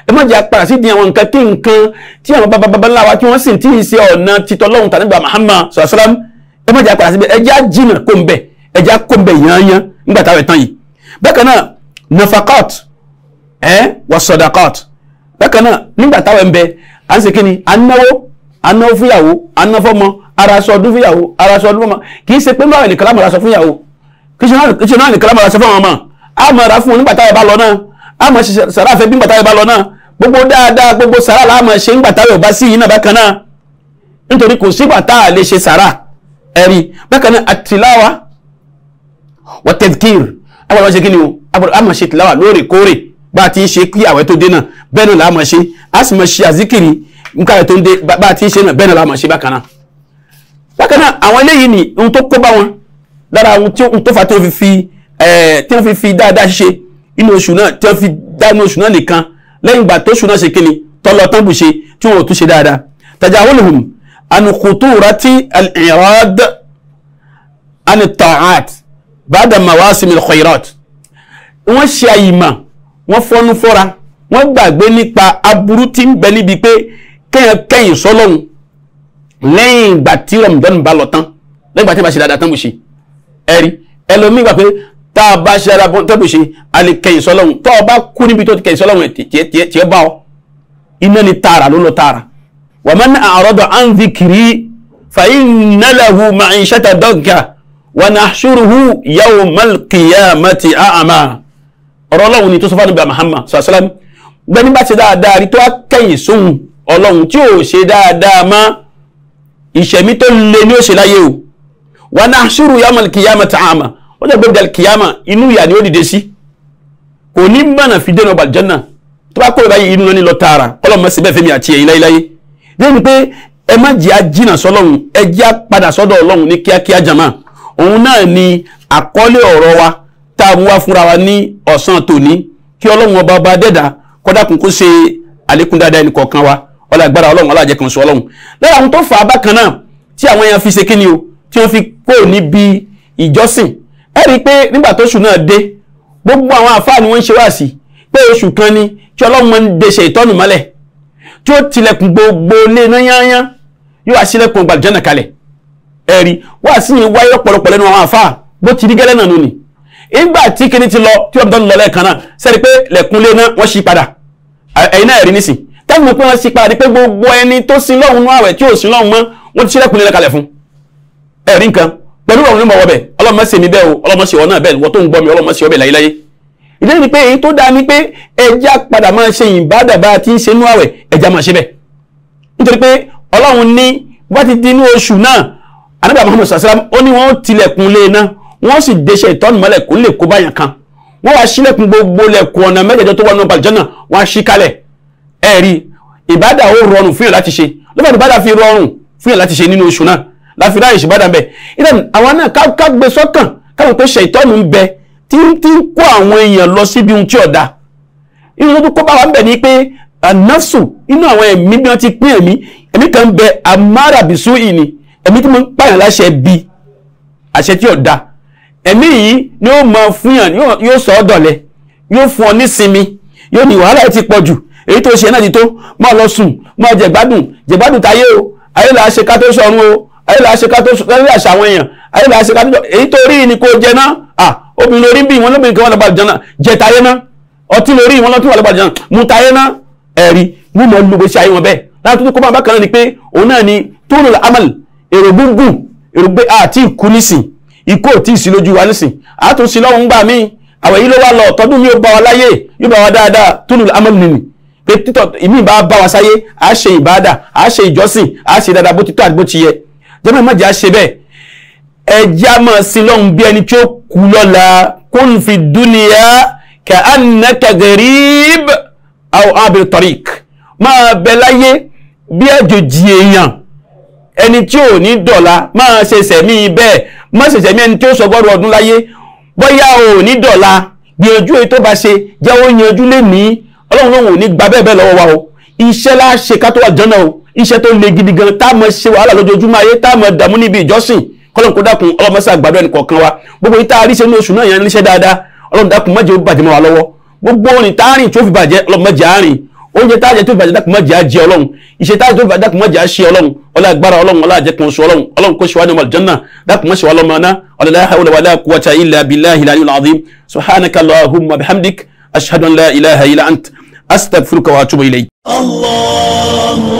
ẹ má jẹ́ apadà sí di àwọn nǹkan tí nǹkan tí àwọn bàbá bàbá ńlá wa tí wọ́n sì ti ṣe ọ̀nà titọ́ lọ́hùn tàníbà Muhammad sọ̀rọ̀sọ́rọ́m ẹ má jẹ́ apadà síbẹ̀ ẹjẹ́ àjìnà kó ń bẹ̀ ẹjẹ́ àkó ń bẹ̀ yányán nígbàtà ẹ̀ tán yìí. bákan náà nafaqat ẹ wà sadaqat bákan náà nígbàtà ẹ̀ ń bẹ à ń ṣe kí ni à ń náwó à ń náwó fúyàwó à ń náwó fọmọ arasọ ọdún fúyàwó arasọ ọdún fọmọ kì í ṣe pé báwọn ènìkàn lámọ̀ arasọ fúyàwó kì ṣe náà nìkan lámọ̀ arasọ fún àwọn ọmọ a máa ra fún wọn nígbà táwọn bá lọ náà a máa ṣe sàrà fẹ́ lọ gbogbo daada gbogbo sara la máa ṣe nígbà táwọn ba sí yìí náà bákan náà nítorí kò sígbà a lè ṣe sàrà ẹ̀rí bákan náà àtìláwa wà tẹ̀dkìr a gbọ́dọ̀ ṣe kí o a máa ti to la a ti la ni ohun fa fi Eh, tí wọ́n fi fi dáadáa ṣe inú oṣù náà tí wọ́n fi dánú oṣù náà nìkan lẹ́yìn ìgbà tó oṣù náà ṣe kíni tọ́lọ tán bù ṣe tí wọ́n ò tún ṣe dáadáa tajawuluhum anukuturati al-irad anita'at bada mawasimi al-khairat wọ́n ṣe àyìmọ̀ wọ́n fọ́nú fọ́ra wọ́n gbàgbé nípa aburú tí ń bẹ níbi pé kẹ́yìn kẹ́yìn sọ́lọ́hun lẹ́yìn ìgbà tí rọ̀mùdọ́nù bá lọ tán lẹ́yìn ìgbà tí wọ́n tá a bá ṣe alábọ́n tẹ́bù ṣe a lè kẹyìn sọ́lọ́hun tó o bá kú níbi tó ti kẹyìn sọ́lọ́hun ẹ̀ tiẹ́ bá ọ iná ni tààrà ló lọ tààrà wa man a'rada an dhikri fa inna lahu ma'ishata dagga wa nahshuruhu yawmal qiyamati a'ma ọ̀rọ̀ ọlọ́run ni tó sọ fún àdúgbò Muhammad sàlám gbẹ́ni bá ṣe dáadáa rí tó kẹyìn sóhun ọlọ́run tí ò ṣe dáadáa mọ́ ìṣẹ̀mí tó le ní ó ṣe láyé o wa nahshuruhu yawmal qiyamati a'ma ó jẹ́ gbẹ́gbẹ́ kìyàmà inú ìyà ni ó dìde sí kò ní mọ̀nà fi dènà ọgbà jẹ́nà tó bá kórè báyìí inú náà ní lọ tààrà kọ́lọ̀ mọ́ sí bẹ́ẹ̀ fẹ́mi àti ẹ̀yìn láyéláyé débi pé ẹ má jẹ́ àjìnà sọ́lọ́run ẹ jẹ́ padà sọ́dọ̀ ọlọ́run ní kíákíá jàmá òun náà ni àkọ́lé ọ̀rọ̀ wa tá a mú wá fúnra wa ní ọ̀sán tòní kí ọlọ́run ọba ọba dẹ́dà kọ́dákun kó ṣe àlékún dáadáa ẹnì kọ̀ọ̀kan wa ọlá agbára ọlọ́run ọlá àjẹkùn sọ ọlọ́run lára àwọn tó fà ìjọsìn ẹ rí i pé nígbà tóṣù náà dé gbogbo àwọn àfáà ni wọ́n ń ṣe wá sí pé oṣù kan ni tí ọlọ́mọ ń deṣe ìtọ́nù mọ́lẹ̀ tí ó tilẹ̀kùn gbogbo ilé náà yányán yóò wá sílẹ̀kùn gbàlùjọ́nà kalẹ̀ ẹ rí wá sí yìí wáyé ọ̀pọ̀lọpọ̀ lẹ́nu àwọn àfáà bó ti rí gẹ́lẹ́ náà nù ni ìgbà tí kinní ti lọ tí ọ̀bùdọ́nù lọ lẹ́ẹ̀kan náà sẹ́ni pé lẹ̀kùn lé náà wọ́n ṣí padà ẹ̀yin náà rí nísìn tẹ́lifù pé wọ́n ṣí padà ni pé gbogbo ẹni tó sin lọ́hùn nú àwẹ̀ tí ò sin lọ́hùn mọ́ wọ́n ti sílẹ̀kùn lé kalẹ̀ fún ẹ̀rí nǹkan pẹ̀lú ọ̀run ní mọ̀ wọ́bẹ̀ ọlọ́mọ ṣe mi bẹ́ẹ̀ o ọlọ́mọ ṣe ọ náà bẹ́ẹ̀ wọ́n tó ń gbọ́ mi ọlọ́mọ ṣe ọ bẹ́ẹ̀ láyéláyé ìdí ni pé èyí tó dáa ni pé ẹja padà máa ṣe ìbádàbá tí ń ṣe inú àwẹ̀ ẹja máa ṣe bẹ́ẹ̀ nítorí pé ọlọ́run ní bá ti di inú oṣù náà anábà Muhammad sàlám ó ní wọ́n tilẹ̀kùn lé iná wọ́n sì deṣe ìtọ́nu mọ́lẹ̀ kó lè kó báyàn kan wọ́n wá sílẹ̀kùn gbogbo lẹ̀kùn ọ̀nà láfi ráyè ṣùgbọ́n dàbẹ̀ ìdánù àwa náà ká gbé sọ́kàn káwọn pé ṣètọ́nù ń bẹ tí ń kó àwọn èèyàn lọ síbi ohun tí ọ̀dà inú tó kó bá wa ń bẹ̀ ni pé ànáfsù inú àwọn ẹ̀mí bí wọ́n ti pín ẹ̀mí ẹ̀mí kan ń bẹ amárabìsú ìní ẹ̀mí tí mo ń pààyàn láṣẹ bí àṣẹ tí ọ̀dà ẹ̀mí yìí ni ó mọ fún yàn yóò sọ ọ́ dọ̀lẹ yóò fún ọ nísinmi yóò ní wàhálà ti pọ̀ jù èyí tó ṣe náà ti tó máa lọ sùn máa jẹ̀gbádùn jẹ̀gbádùn táyé o ayé là ṣe ká tó sọ̀run o ayé la ṣe ká tó sùn lẹ́yìn àṣà àwọn èèyàn ayé la ṣe ká tó sùn èyí tó rí ni kò jẹ náà à obìnrin lórí bí wọn lóbìnrin kan wà lọ́bàdàn náà jẹ tayé náà ọtí lórí wọn lọ́tún wà lọ́bàdàn náà mu tayé náà ẹ̀rí mú mọ́ lu gbèsè ayé wọn bẹ́ẹ̀ láti tó kó bá bákan náà ni pé òun náà ni tóòrò amal èrò gúngùn èrò gbé àti ìkú nísìn ikú ò tí ì sí lójú wa nísìn àtúnṣe lọ́hùn gbà míì àwẹ̀ yìí ló wá lọ tọdún mi bá wa láyé yóò bá wa dáadáa tóòrò amal nìyí pé títọ̀ ìmí ìbá bá wa sáyé à á ṣe ìbádà à á ṣe ìjọsìn à á ṣe dáadáa bó ti àti bó ti yẹ jẹ́mọ̀ má jẹ́ àṣẹ bẹ́ẹ̀ ẹjẹ́ a máa sin lọ́hùn bí ẹni tí ó kú lọ́la kun fi dúnìyà ka annaka gharib aw abir tariq máa bẹ láyé bí àjòjì èèyàn ẹni tí ò ní dọ̀la máa ṣe sẹ̀mí bẹ́ẹ̀ má ṣe sẹ̀mí ẹni tí ó sọgọ́rọ̀ ọdún láyé bóyá ò ní dọ̀la gbìyànjú èyí tó bá ṣe jẹ́wọ́ yanjú lé ní ọlọ́run lóhùn ò ní gba bẹ́ẹ̀ bẹ́ẹ̀ lọ́wọ́ wa o iṣẹ́ láṣe ká tó wà jọ́nà o iṣẹ́ tó le gidi gan tá a mọ̀ ṣe wàhálà lójoojúmọ́ ayé tá a mọ̀ dààmú níbi ìjọsìn kọ́lọ́n kó dákun ọlọ́mọṣẹ́ àgbàdo ẹnì kọ̀ọ̀kan wa gbogbo yìí tá a rí ṣe ní oṣù náà yẹn níṣẹ́ dáadáa ọlọ́run dákun má jẹ́ ó bàjẹ́ mọ́ wa lọ́wọ́ gbogbo orin tá a rìn tó fi bàjẹ́ ọlọ́run má jẹ́ a rìn oúnjẹ tá a jẹ tó fi bàjẹ́ dákun má jẹ́ a jẹ ọlọ́run iṣẹ́ tá a jẹ tó fi bàjẹ́ dákun má jẹ́ a ṣe ọlọ́run ọlá agbára ọlọ́run ọlá àjẹkùn oṣù ọlọ́run ọlọ́run kó ṣe wá ní ọmọ àlùjọ́nà dákun má ṣe wá lọ́mọ aná ọlọ́lá hawla wàlá quwwata illa billahi al-aliyyil azim subhanaka allahumma bihamdik ashhadu an la ilaha illa ant astaghfiruka wa atubu ilayk. allah